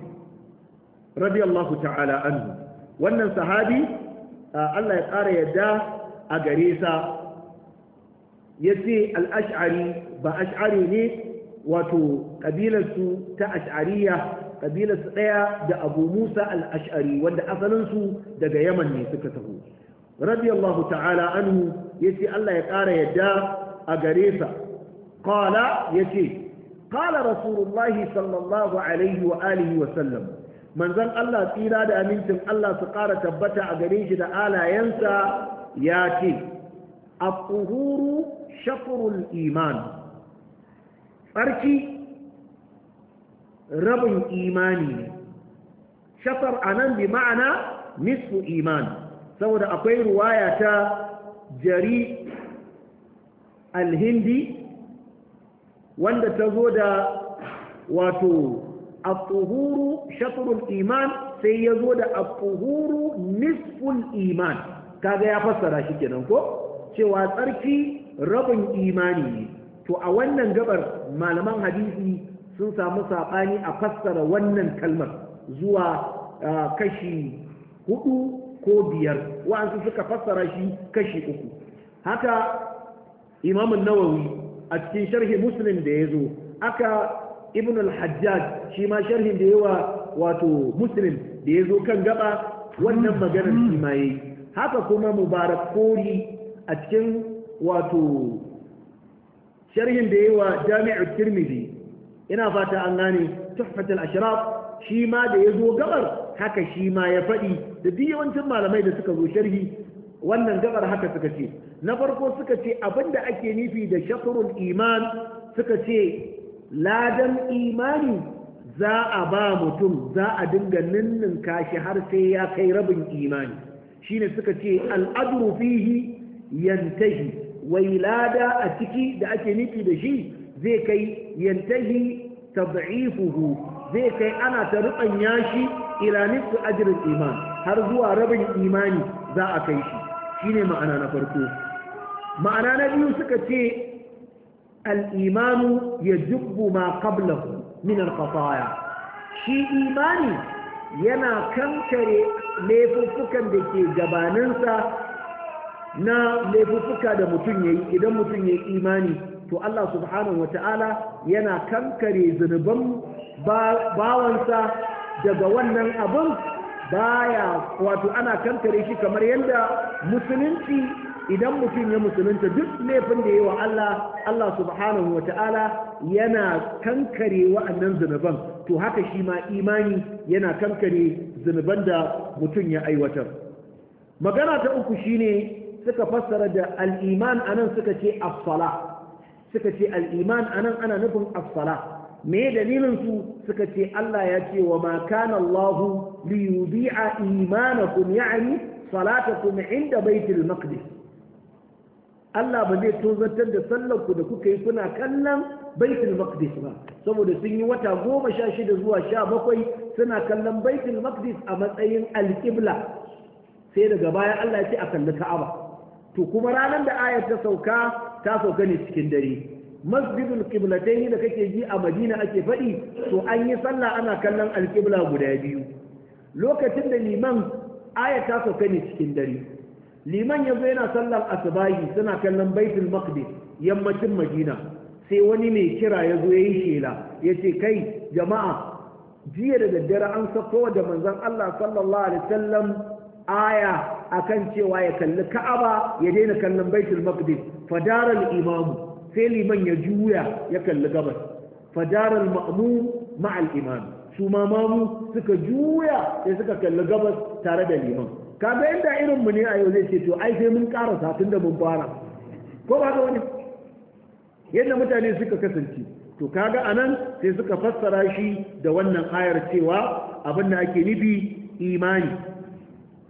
radiyallahu ta'ala anhu wannan sahabi Allah ya ƙara yadda a gare sa ya ce al'ash'ari ba ash'ari ne wato ƙabilarsu ta ash'ariya ƙabilarsu ɗaya da abu musa al'ash'ari wanda asalinsu daga yaman ne suka taho radiyallahu ta'ala anhu ya ce Allah ya ƙara yadda a gare sa ƙala ya ce ƙala rasulullahi sallallahu alaihi wa alihi wa sallam manzon Allah tsira da amincin Allah su ƙara tabbata a gare shi da alayensa ya ce A tuhuru shakrul iman tsarki rabin imani ne shakar nan bi ma'ana nisfu iman saboda akwai ruwaya ta jari alhindi wanda ta zo da wato الطهور شطر الإيمان سيزود الطهور نصف الإيمان كذا يفسر شكرا نكو شوى تركي رب إيماني to a wannan gabar malaman hadisi sun samu saɓani a fassara wannan kalmar zuwa kashi hudu ko biyar wa'ansu suka fassara shi kashi uku haka imamun nawawi a cikin sharhi muslim da ya zo aka ibn al-hajjaj shi ma sharhin da yawa wato muslim da ya zo kan gaba wannan maganar shi ma haka kuma mubarak kori a cikin wato sharhin da yawa jami'u tirmidhi ina fata an gane tuhfatul ashraf shi ma da ya zo gabar haka shi ma ya faɗi da duk yawancin malamai da suka zo sharhi wannan gabar haka suka ce na farko suka ce abinda ake nufi da shatrul iman suka ce ladan imani za a ba mutum za a dinga ninnin kashi har sai ya kai rabin imani shine suka ce al'adru fihi yantahi wai lada a ciki da ake nufi da shi zai kai yantahi tab'ifuhu zai kai ana ta rubanya shi ila nisfu ajrin iman har zuwa rabin imani za a kai shi shine ma'ana na farko ma'ana na biyu suka ce al'imanu ya jubbu ma qablahu min al shi imani yana kankare laifuffukan da ke gabaninsa na laifuffuka da mutum ya yi idan mutum ya yi imani to Allah subhanahu wa ta'ala yana kankare zunuban bawansa daga wannan abin baya wato ana kankare shi kamar yadda musulunci idan mutum ya musulunta duk laifin da ya yi wa Allah Allah subhanahu wa ta'ala yana kankare wa'annan zunuban to haka shi ma imani yana kankare zunuban da mutum ya aiwatar magana ta uku shine suka fassara da al'iman anan suka ce as suka ce al'iman anan ana nufin as me dalilin su suka ce Allah ya ce wa ma kana Allahu ليضيع إيمانكم يعني صلاتكم عند بيت المقدس Allah ba zai tozartar da sallarku da kuka yi kuna kallon baitul maqdis ba saboda sun yi wata goma sha shida zuwa sha bakwai suna kallon baitul maqdis a matsayin alƙibla sai daga baya Allah ya ce a kalli ka'aba to kuma ranar da ayar ta sauka ta sauka ne cikin dare masjidul qiblatain da kake ji a Madina ake faɗi to an yi sallah ana kallon alƙibla guda biyu lokacin da liman aya ta sauka ne cikin dare liman ya zo yana sallar asubahi suna kallon baitul maqdis yammacin madina sai wani mai kira ya zo ya yi shela ya ce kai jama'a jiya da daddare an sako da manzon Allah sallallahu alaihi wasallam aya akan cewa ya kalli ka'aba ya daina kallon baitul maqdis fadaral imamu sai liman ya juya ya kalli gabas fadaral ma'mum ma'al imam su ma mamu suka juya sai suka kalli gabas tare da liman kaga inda irin mu ne a yau zai ce to ai sai mun ƙara tun da mun fara ko ba ga wani yadda mutane suka kasance to kaga anan sai suka fassara shi da wannan ayar cewa abin da ake nufi imani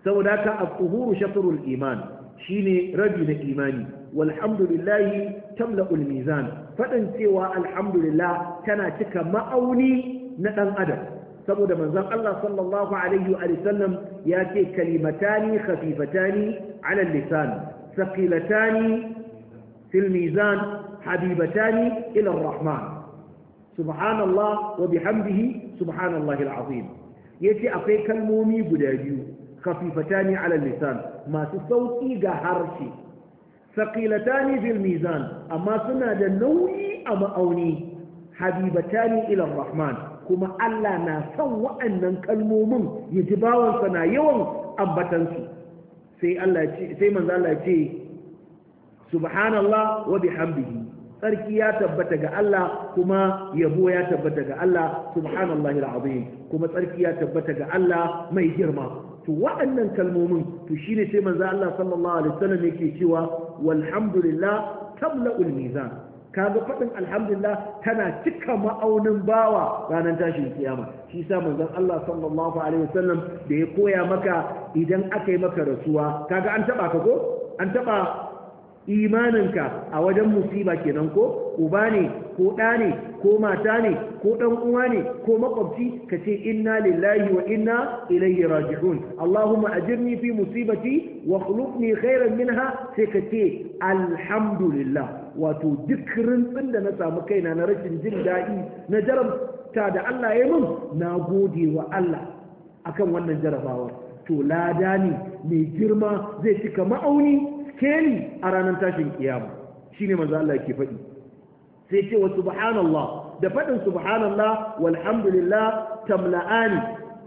saboda haka at-tuhuru shatrul iman shine rabi na imani walhamdulillahi tamla'ul mizan fadin cewa alhamdulillah tana cika ma'auni na ɗan adam saboda manzon Allah sallallahu alaihi wa sallam ya ce kalimatani khafifatani ala lisan thaqilatani fil mizan habibatani ila ar-rahman subhanallah wa bihamdihi subhanallahi al-azim yace akwai kalmomi guda biyu khafifatani ala lisan masu sauki ga harshe thaqilatani fil mizan amma suna da nauyi a ma'auni habibatani ila ar-rahman kuma Allah na son wa'annan kalmomin ya ji bawansa na yawan ambatansu sai Allah ce sai manzo Allah ce subhanallah wa bihamdihi sarki ya tabbata ga Allah kuma yabo ya tabbata ga Allah subhanallahi alazim kuma sarki ya tabbata ga Allah mai girma to wa'annan kalmomin to shine sai manzo Allah sallallahu alaihi wasallam yake cewa walhamdulillah tabla'ul mizan kaga faɗin alhamdulillah tana cika ma'aunin bawa ranar tashin kiyama shi sa manzon Allah sallallahu alaihi wasallam da ya koya maka idan aka yi maka rasuwa kaga an taba ka ko an taba imaninka a wajen musiba kenan ko uba ne ko ɗa ne ko mata ne ko ɗan uwa ne ko makwabci ka ce inna lillahi wa inna ilayhi raji'un Allahumma ajirni fi musibati wa khulufni khairan minha sai ka ce alhamdulillah wato duk rintsin da na samu kaina na rashin jin daɗi na jarabta da Allah ya mun na gode wa Allah akan wannan jarabawar to lada ne mai girma zai cika ma'auni skeli a ranar tashin kiyama shine manzo Allah yake faɗi sai ce wa subhanallah da faɗin subhanallah walhamdulillah tamla'ani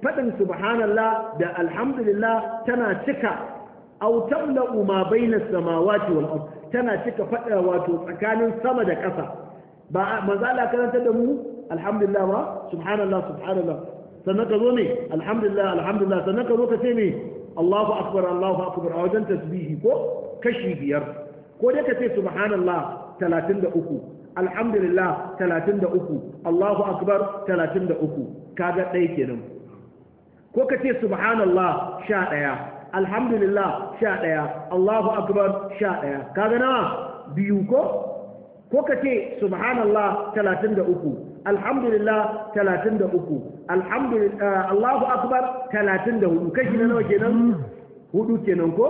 faɗin subhanallah da alhamdulillah tana cika aw tamla'u ma bayna as-samawati wal ard tana cika fada wato tsakanin sama da ƙasa ba manzo Allah karanta da mu alhamdulillah wa subhanallah subhanallah sannan ka zo ne alhamdulillah alhamdulillah sannan ka zo ka ce ne Allahu akbar Allahu akbar a wajen tasbihi ko kashi biyar ko dai ka ce subhanallah 33 alhamdulillah 33 Allahu akbar 33 kaga ɗaya kenan ko ka ce subhanallah 11 alhamdulillah sha ɗaya allahu akbar sha ɗaya kaga nawa biyu ko ko ka ce subhanallah talatin da uku alhamdulillah talatin da uku alhamdulillah allahu akbar talatin da hudu kashi na nawa kenan hudu kenan ko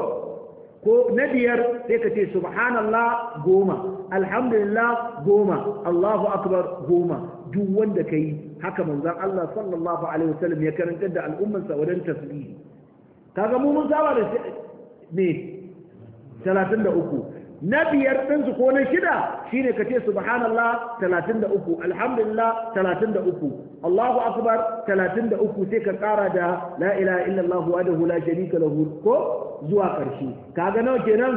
ko na biyar sai ka ce subhanallah goma alhamdulillah goma allahu akbar goma duk wanda ka yi haka manzan allah sallallahu alaihi wasallam ya karanta da al'ummansa wajen tasbihi kaga mu mun saba da me 33 na biyar din su ko na shida shine kace subhanallah 33 alhamdulillah 33 Allahu akbar 33 sai ka kara da la ilaha illallah wahdahu la sharika lahu ko zuwa karshe kaga nawa kenan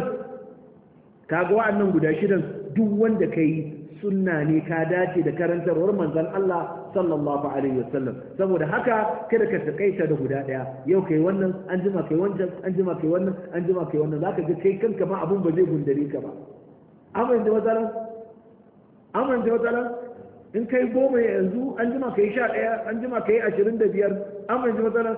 kaga wa'annan guda shidan duk wanda kai sunna ne ka dace da karantarwar manzon Allah sallallahu alaihi wa sallam saboda haka kada ka takaita da guda daya yau kai wannan an jima kai wancan an jima kai wannan an jima kai wannan zaka ga kai kanka ma abun ba zai gundare ka ba amin da matsalan amin in kai goma yanzu an jima kai sha daya an jima kai ashirin da biyar amince da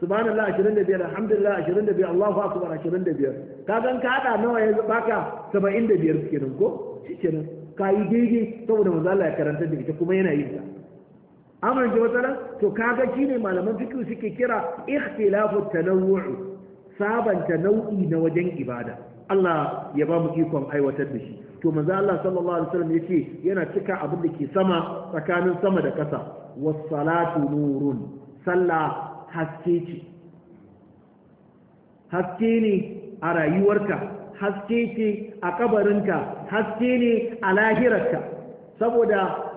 subhanallah ashirin da biyar alhamdulillah ashirin da biyar allahu akbar ashirin da biyar ka gan ka hada nawa yanzu baka saba'in da biyar kenan ko shi kenan ka yi daidai saboda manzo Allah ya karanta da ita kuma yana yin ta amma ji matsala to kaga shine malaman fiqh suke kira ikhtilafu tanawwu sabanta nau'i na wajen ibada Allah ya ba mu ikon aiwatar da shi to manzo Allah sallallahu alaihi wasallam yace yana cika abin da ke sama tsakanin sama da ƙasa was-salatu nurun sallah haske ce haske ne a rayuwarka haske ce a kabarinka haske ne a lahirarka saboda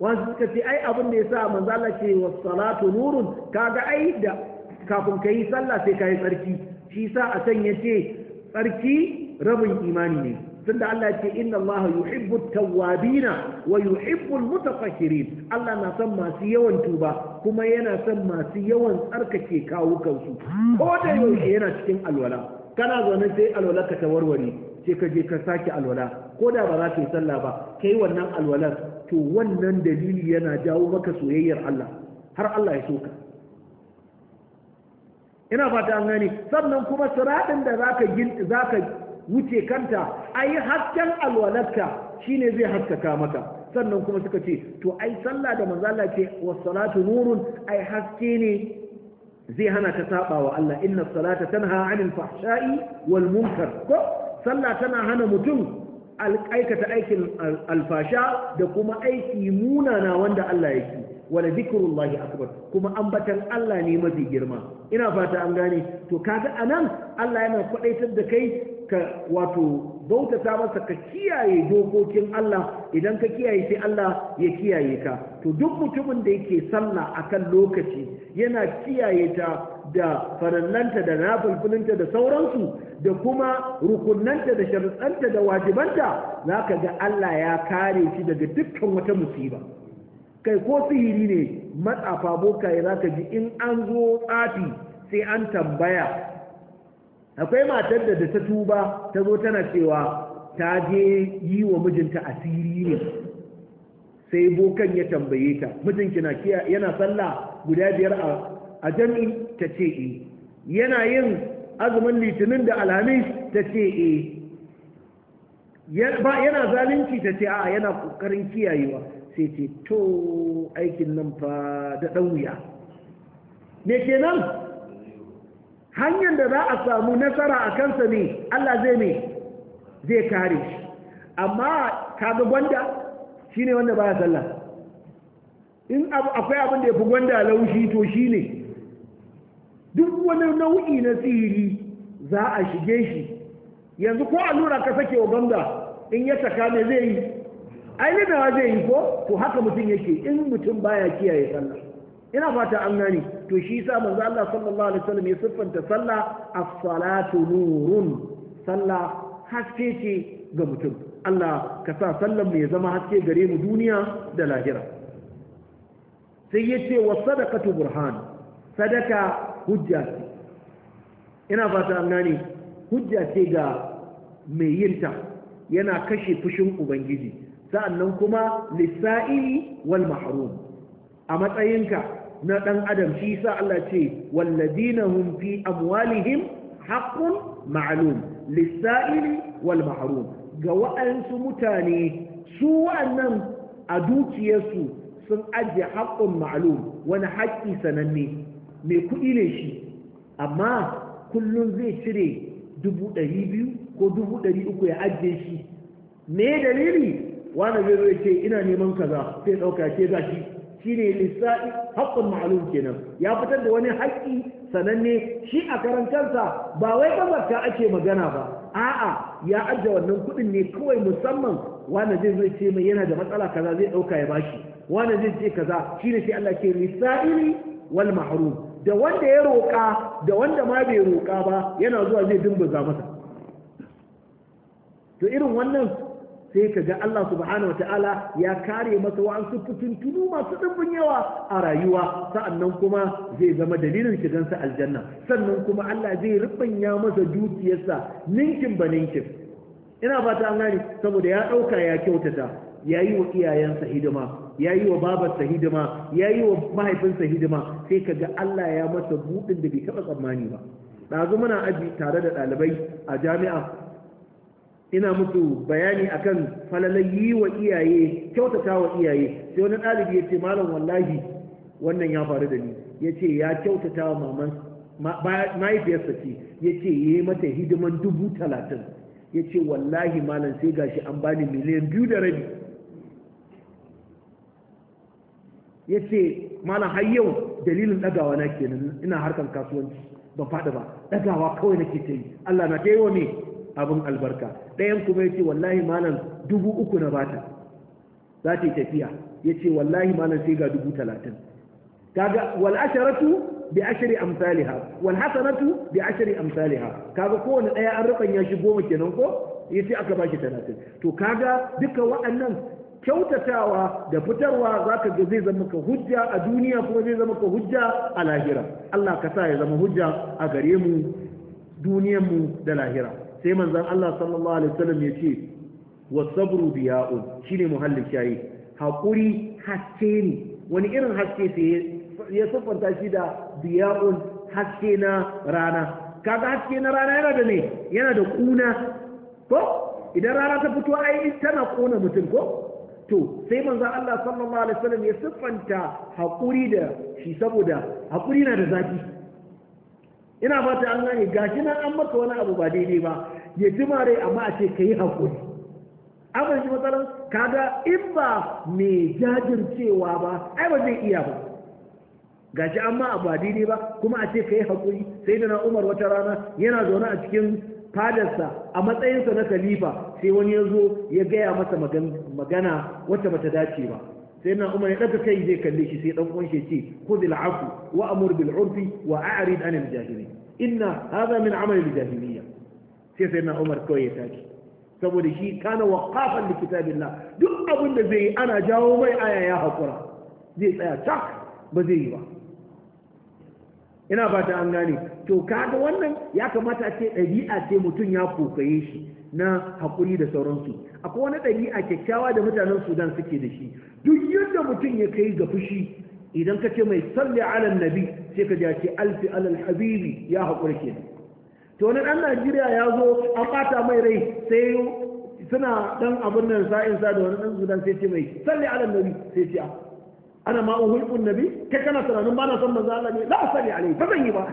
wasu suka ce ai abin da ya sa manzala ce wa salatu nurun kaga ai da kafin ka yi sallah sai ka yi tsarki shi sa a can ya ce tsarki rabin imani ne tunda Allah ce inna Allah yuhibbu tawwabina wa yuhibbu almutatahhirin Allah na son masu yawan tuba kuma yana son masu yawan tsarkake kawukansu ko da yaushe yana cikin alwala kana zaune sai alwala ka ta warware sai ka je ka sake alwala ko da ba za ka yi sallah ba kai wannan alwalar to wannan dalili yana jawo maka soyayyar Allah har Allah ya soka ina fata an gani. sannan kuma siratin da zaka zaka wuce kanta ai hasken alwalarka shine zai haskaka maka sannan kuma suka ce to ai sallah da manzo Allah ce salatu nurun ai haske ne zai hana ka saba wa Allah inna salata tanha 'anil fahsha'i wal munkar ko sallah tana hana mutum aikata aikin alfasha da kuma aiki munana wanda Allah yake wala zikrullahi akbar kuma ambatan Allah ne mafi girma ina fata an gane to kaga anan Allah yana kwadaitar da kai ka wato bautata masa ka kiyaye dokokin Allah idan ka kiyaye sai Allah ya kiyaye ka to duk mutumin da yake sallah a kan lokaci yana kiyaye ta da farallanta da nafilfilinta da sauransu da kuma rukunnanta da sharuɗanta da wajibanta za ka ga Allah ya kare shi daga dukkan wata musiba kai ko sihiri ne matsafa ya za ka ji in an zo tsafi sai an tambaya akwai matar da ta tuba ta zo tana cewa ta je yi wa mijinta asiri ne sai bokan ya tambaye ta mijinki na yana sallah guda biyar a jami'i ta ce e yana yin azumin litinin da alhamis ta ce e yana zalunci ta ce a yana kokarin kiyayewa sai ce to aikin nan fa da ɗauya me kenan hanyar da za a samu nasara a kansa ne allah zai ne zai kare shi amma kaga gwanda shi ne wanda baya sallah in akwai abin da ya fi gwanda laushi to shine duk wani nau'i na tsiri za a shige shi yanzu ko allura ka sake wa gwanda in ya saka me zai yi ainihawa zai yi ko to haka mutum yake in mutum baya kiyaye sallah ina fata an gani to shi sa manzo Allah sallallahu alaihi wasallam ya siffanta sallah as-salatu nurun sallah haske ce ga mutum Allah ka sa sallan mu ya zama haske gare mu duniya da lahira sai ya ce wa sadaqatu burhan sadaka hujja ce ina fata an gane hujja ce ga mai yinta yana kashe fushin ubangiji sa'annan kuma lisa'ili wal mahrum a matsayinka na dan adam shi sa Allah ce walladina hum fi amwalihim haqqun ma'lum lisa'ili wal mahrum ga wa'ansu mutane su wa'annan a dukiyarsu sun ajiye haƙƙun ma'alum wani haƙƙi sananne mai kuɗi ne shi amma kullum zai cire dubu ɗari biyu ko dubu ɗari uku ya ajiye shi me dalili wani zai zai ce ina neman kaza sai ɗauka ce za shi shi ne lissafi haƙƙun ma'alum kenan ya fitar da wani haƙƙi sananne shi a karan kansa ba wai ƙazarta ake magana ba a'a ya ajiye wannan kuɗin ne kawai musamman wanda zai zai ce mai yana da matsala kaza zai ɗauka ya bashi wanda zai ce kaza shi ne sai Allah ke lisa'ili wal mahrum da wanda ya roƙa da wanda ma bai roka ba yana zuwa zai dumbuza masa to irin wannan sai ka ga Allah subhanahu wataala ya kare masa wa'ansu fitintunu masu ɗimbin yawa a rayuwa sa'annan kuma zai zama dalilin shigansa aljanna sannan kuma Allah zai ya masa dukiyarsa ninkin ba ninkin ina fata an gane saboda ya ɗauka ya kyautata ya yi wa iyayensa hidima ya yi wa babarsa hidima ya yi wa mahaifinsa hidima sai ka ga Allah ya masa buɗin da bai taɓa tsammani ba ɗazu muna aji tare da ɗalibai a jami'a ina musu bayani akan falalai yi wa iyaye kyautata wa iyaye sai wani ɗalibi ya ce malam wallahi wannan ya faru da ni ya ce ya kyautata wa maman mahaifiyarsa ce ya ce ya yi mata hidiman dubu talatin ya ce wallahi malam sai gashi an bani miliyan biyu da rabi ya ce malam har yau dalilin ɗagawa na kenan ina harkan kasuwanci ban faɗi ba ɗagawa kawai nake ta yi allah na ta yi wa me. abin albarka ɗayan kuma ya ce wallahi malam dubu uku na bata za ta yi tafiya ya ce wallahi malam sai ga dubu talatin kaga wal asharatu bi ashri amsalha wal hasanatu bi ashri amsalha kaga kowane ɗaya an rubanya shi goma kenan ko Ya ce aka bashi talatin to kaga duka waɗannan kyautatawa da fitarwa zaka ga zai zama ka hujja a duniya kuma zai zama ka hujja a lahira Allah ka sa ya zama hujja a gare mu duniyar mu da lahira sai manzan Allah sallallahu alaihi wasallam ya ce wasabru biya'un ne muhallin shayi hakuri haske ne wani irin haske sai ya siffanta shi da biya'un haske na rana kaga haske na rana yana da ne yana da kuna ko idan rana ta fito ai tana kona mutum ko to sai manzan Allah sallallahu alaihi wasallam ya siffanta haƙuri da shi saboda hakuri na da zafi ina fata an gane gashi nan an maka wani abu ba daidai ba ya ji mare amma a ce ka yi haƙuri abin shi matsalar kaga in ba mai jajircewa ba ai ba zai iya ba gashi amma abu ba daidai ba kuma a ce ka yi haƙuri sai da na umar wata rana yana zaune a cikin fadarsa a matsayinsa na khalifa sai wani ya zo ya gaya masa magana wacce bata dace ba sai na umar ya daga kai zai kalle shi sai dan uwan ce khudil afu wa amur bil urfi wa a'rid anil jahili inna haza min amal al jahiliya sai sai na umar kawai ya tashi saboda shi kana waqafan li kitabillah duk abin da zai ana jawo mai aya ya hakura zai tsaya tak ba zai yi ba ina fata an gane to kaga wannan ya kamata a ce ɗabi'a ce mutum ya kokaye shi na haƙuri da sauransu akwai wani a kyakkyawa da mutanen sudan suke da shi duk yadda mutum ya kai ga fushi idan ka ce mai salli alal nabi sai ka ja ce alfi alal habibi ya haƙuri kenan to wani ɗan najeriya ya zo an ɓata mai rai sai suna ɗan abin nan sa'in sa da wani ɗan sudan sai ce mai salli alal nabi sai ce ana ma hulɓun nabi kai kana tunanin ba na son manzo Allah ne a salli alai ba zan yi ba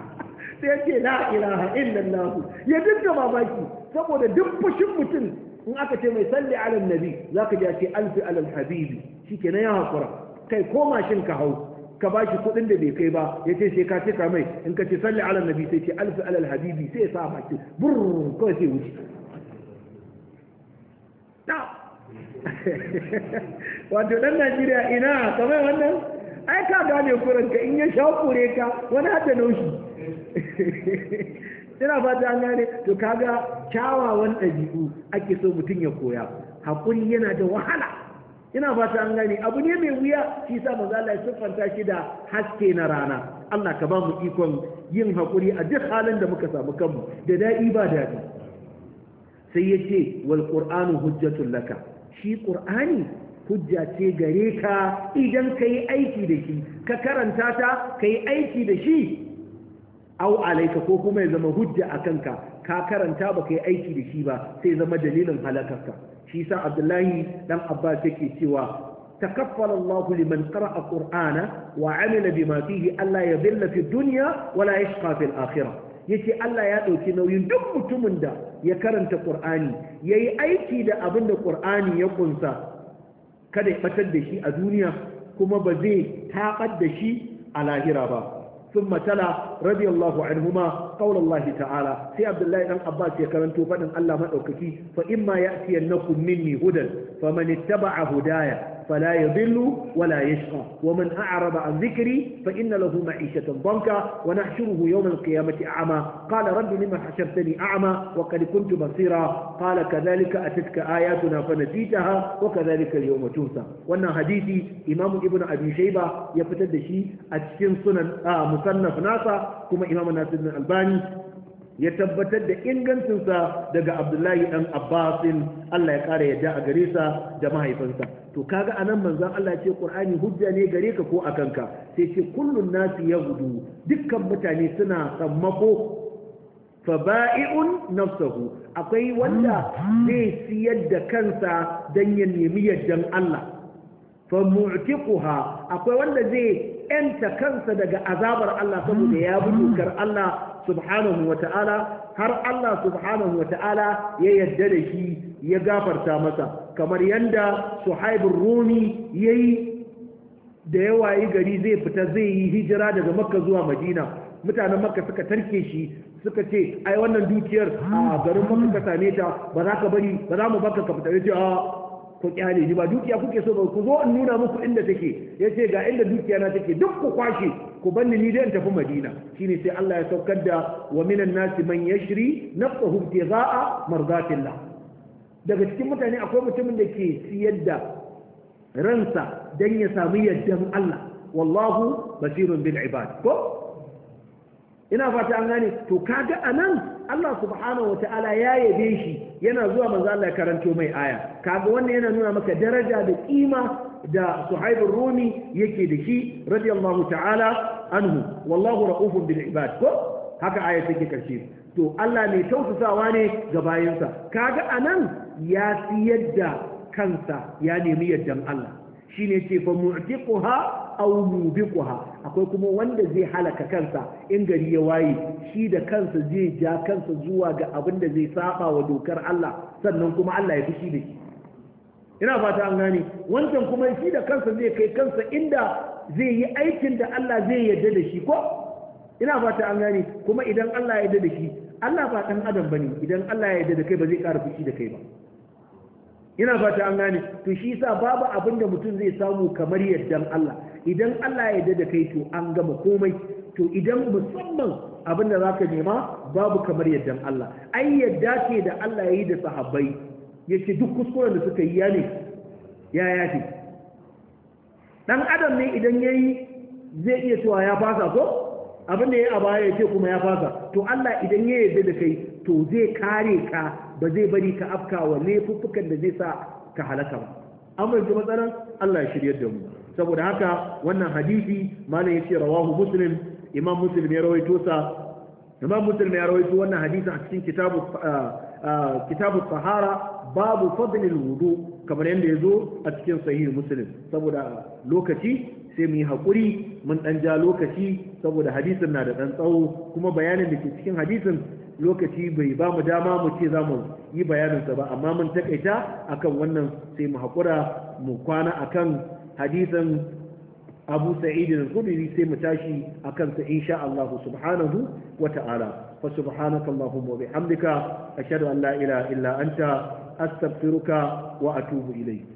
*laughs* sai ya ce la ilaha illallah ya dinga babaki saboda duk fushin mutum in aka ce mai salli ala nabi ka ji a ce alfi ala habibi shikenan ya hakura kai ko mashin ka hau ka ba shi kuɗin da bai kai ba ya ce sai ka cika mai in ka ce salli ala nabi sai ce alfi alal habibi sai ya sa baki burr kawai sai wuce na *laughs* wato dan najeriya ina kamar wannan ai ka gane kuranka in ya shakure ka wani hada naushi *laughs* ina fata an gane to kaga kyawawan ɗabi'u ake so mutum ya koya haƙuri yana da wahala ina fata an gane abu ne mai wuya shi sa manzo Allah ya siffanta shi da haske na rana Allah ka ba mu ikon yin hakuri a duk halin da muka samu kanmu da daɗi ba daɗi sai ya ce wal qur'anu hujjatul laka shi qur'ani hujja ce gare ka idan ka yi aiki da shi ka karanta ta ka yi aiki da shi au alaika ko kuma ya zama hujja a kanka ka karanta ba ka yi aiki da shi ba sai zama dalilin halakarka shi sa abdullahi dan abbas yake cewa takaffala Allahu liman qara'a qur'ana wa amila bima fihi alla yadhilla fi dunya wa la yashqa fil akhirah yace Allah ya dauki nauyin duk mutumin da ya karanta qur'ani yayi aiki da abin da qur'ani ya kunsa kada ya batar da shi a duniya kuma ba zai taɓar da shi a lahira ba ثم تلا رضي الله عنهما قول الله تعالى في عبد الله بن عباس يكرنتو فدن الله مدوكي فإما يأتينكم مني هدى فمن اتبع هدايا فلا يضل ولا يشقى ومن أعرض عن ذكري فإن له معيشة ضنكا ونحشره يوم القيامة أعمى قال رب لما حشرتني أعمى وقد كنت بصيرا قال كذلك أتتك آياتنا فنسيتها وكذلك اليوم تنسى وأن حديثي إمام ابن أبي شيبة يفتد شيء أتشن سنن آه مصنف ناسا كما إمام ناس بن الباني ya tabbatar da ingancinsa daga abdullahi dan abbasin allah ya kara yadda a gare sa da mahaifinsa to kaga a nan manzon allah ce ƙur'ani hujja ne gare ka ko a kanka sai ce kullum kullun nasi hudu dukkan mutane suna sammako faba'i'un nafsahu akwai wanda zai siyar da kansa don ya nemi yaddan Allah fa ha akwai wanda zai yanta kansa daga azabar Allah saboda ya bi dokar Allah subhanahu wa ta'ala har Allah subhanahu wa ta'ala ya yadda da shi ya gafarta masa kamar yadda suhaibun rumi ya yi da yawa yi gari zai fita zai yi hijira daga makka zuwa madina mutanen makka suka tarke shi suka ce ai wannan dukiyar a garin makka ka same ta ba za ka bari ba za mu baka ka fita ya ce a ku kyale ni ba dukiya kuke so ba ku zo in nuna muku inda take Yace, ga inda dukiya na take duk ku kwashe ku banni ni dai in tafi madina shine sai Allah ya saukar da wa minan nasi man yashri nafsuhu ibtigha'a mardatillah daga cikin mutane akwai mutumin da ke siyar da ransa dan ya samu yaddan Allah wallahu basirun bil ibad ko ina fata an gane to kaga anan Allah subhanahu wa ta'ala ya yabe shi yana zuwa manzo Allah ya karanto mai aya kaga wannan yana nuna maka daraja da kima da Suhaibur Rumi yake da shi radiyallahu ta'ala anhu wallahu ra'ufun bil ibad ko haka aya take karshe to Allah mai tausasawa ne ga bayinsa kaga anan ya siyar da kansa ya nemi yaddan Allah shine ce fa mu'tiquha aw mubiquha akwai kuma wanda zai halaka kansa in gari ya waye shi da kansa zai ja kansa zuwa ga abin da zai saba wa dokar Allah sannan kuma Allah ya fushi da shi ina fata an gane wancan kuma shi da kansa zai kai kansa inda zai yi aikin da Allah zai yarda da shi ko ina fata an gane kuma idan Allah ya yarda da shi Allah ba dan adam bane idan Allah ya yarda da kai ba zai ƙara fushi da kai ba ina fata an gane to shi yasa babu abin da mutum zai samu kamar yaddan Allah idan Allah ya yarda da kai to an gama komai to idan musamman abin da zaka nema babu kamar yaddan Allah ai yadda ce da Allah ya yi da sahabbai yace duk kuskuren da suka yi ya ne ya yafi dan adam ne idan yayi zai iya cewa ya fasa ko abin da ya a baya ya ce kuma ya fasa to Allah idan ya yarda da kai to zai kare ka ba zai bari ka afka wa laifuffukan da zai sa ka halaka ba amma yanzu matsalan Allah ya shiryar da mu saboda haka wannan hadisi malam yace rawahu muslim imam muslim ya rawaito sa imam muslim ya rawaito wannan hadisi a cikin kitabu ah, ah, kitabu sahara babu fadlil wudu kamar yadda ya zo a cikin sahih muslim saboda lokaci sai mu yi hakuri mun dan ja lokaci saboda hadisin na da ɗan tsawo kuma bayanin da ke cikin hadisin lokaci bai ba mu dama mu ce za mu yi bayaninsa ba amma mun takaita akan wannan sai mu haƙura mu kwana akan hadisan abu sa'idin al-khudri sai mu tashi akan sa insha Allah subhanahu wa ta'ala fa subhanaka allahumma wa bihamdika ashhadu an la ilaha illa anta astaghfiruka wa atubu ilayk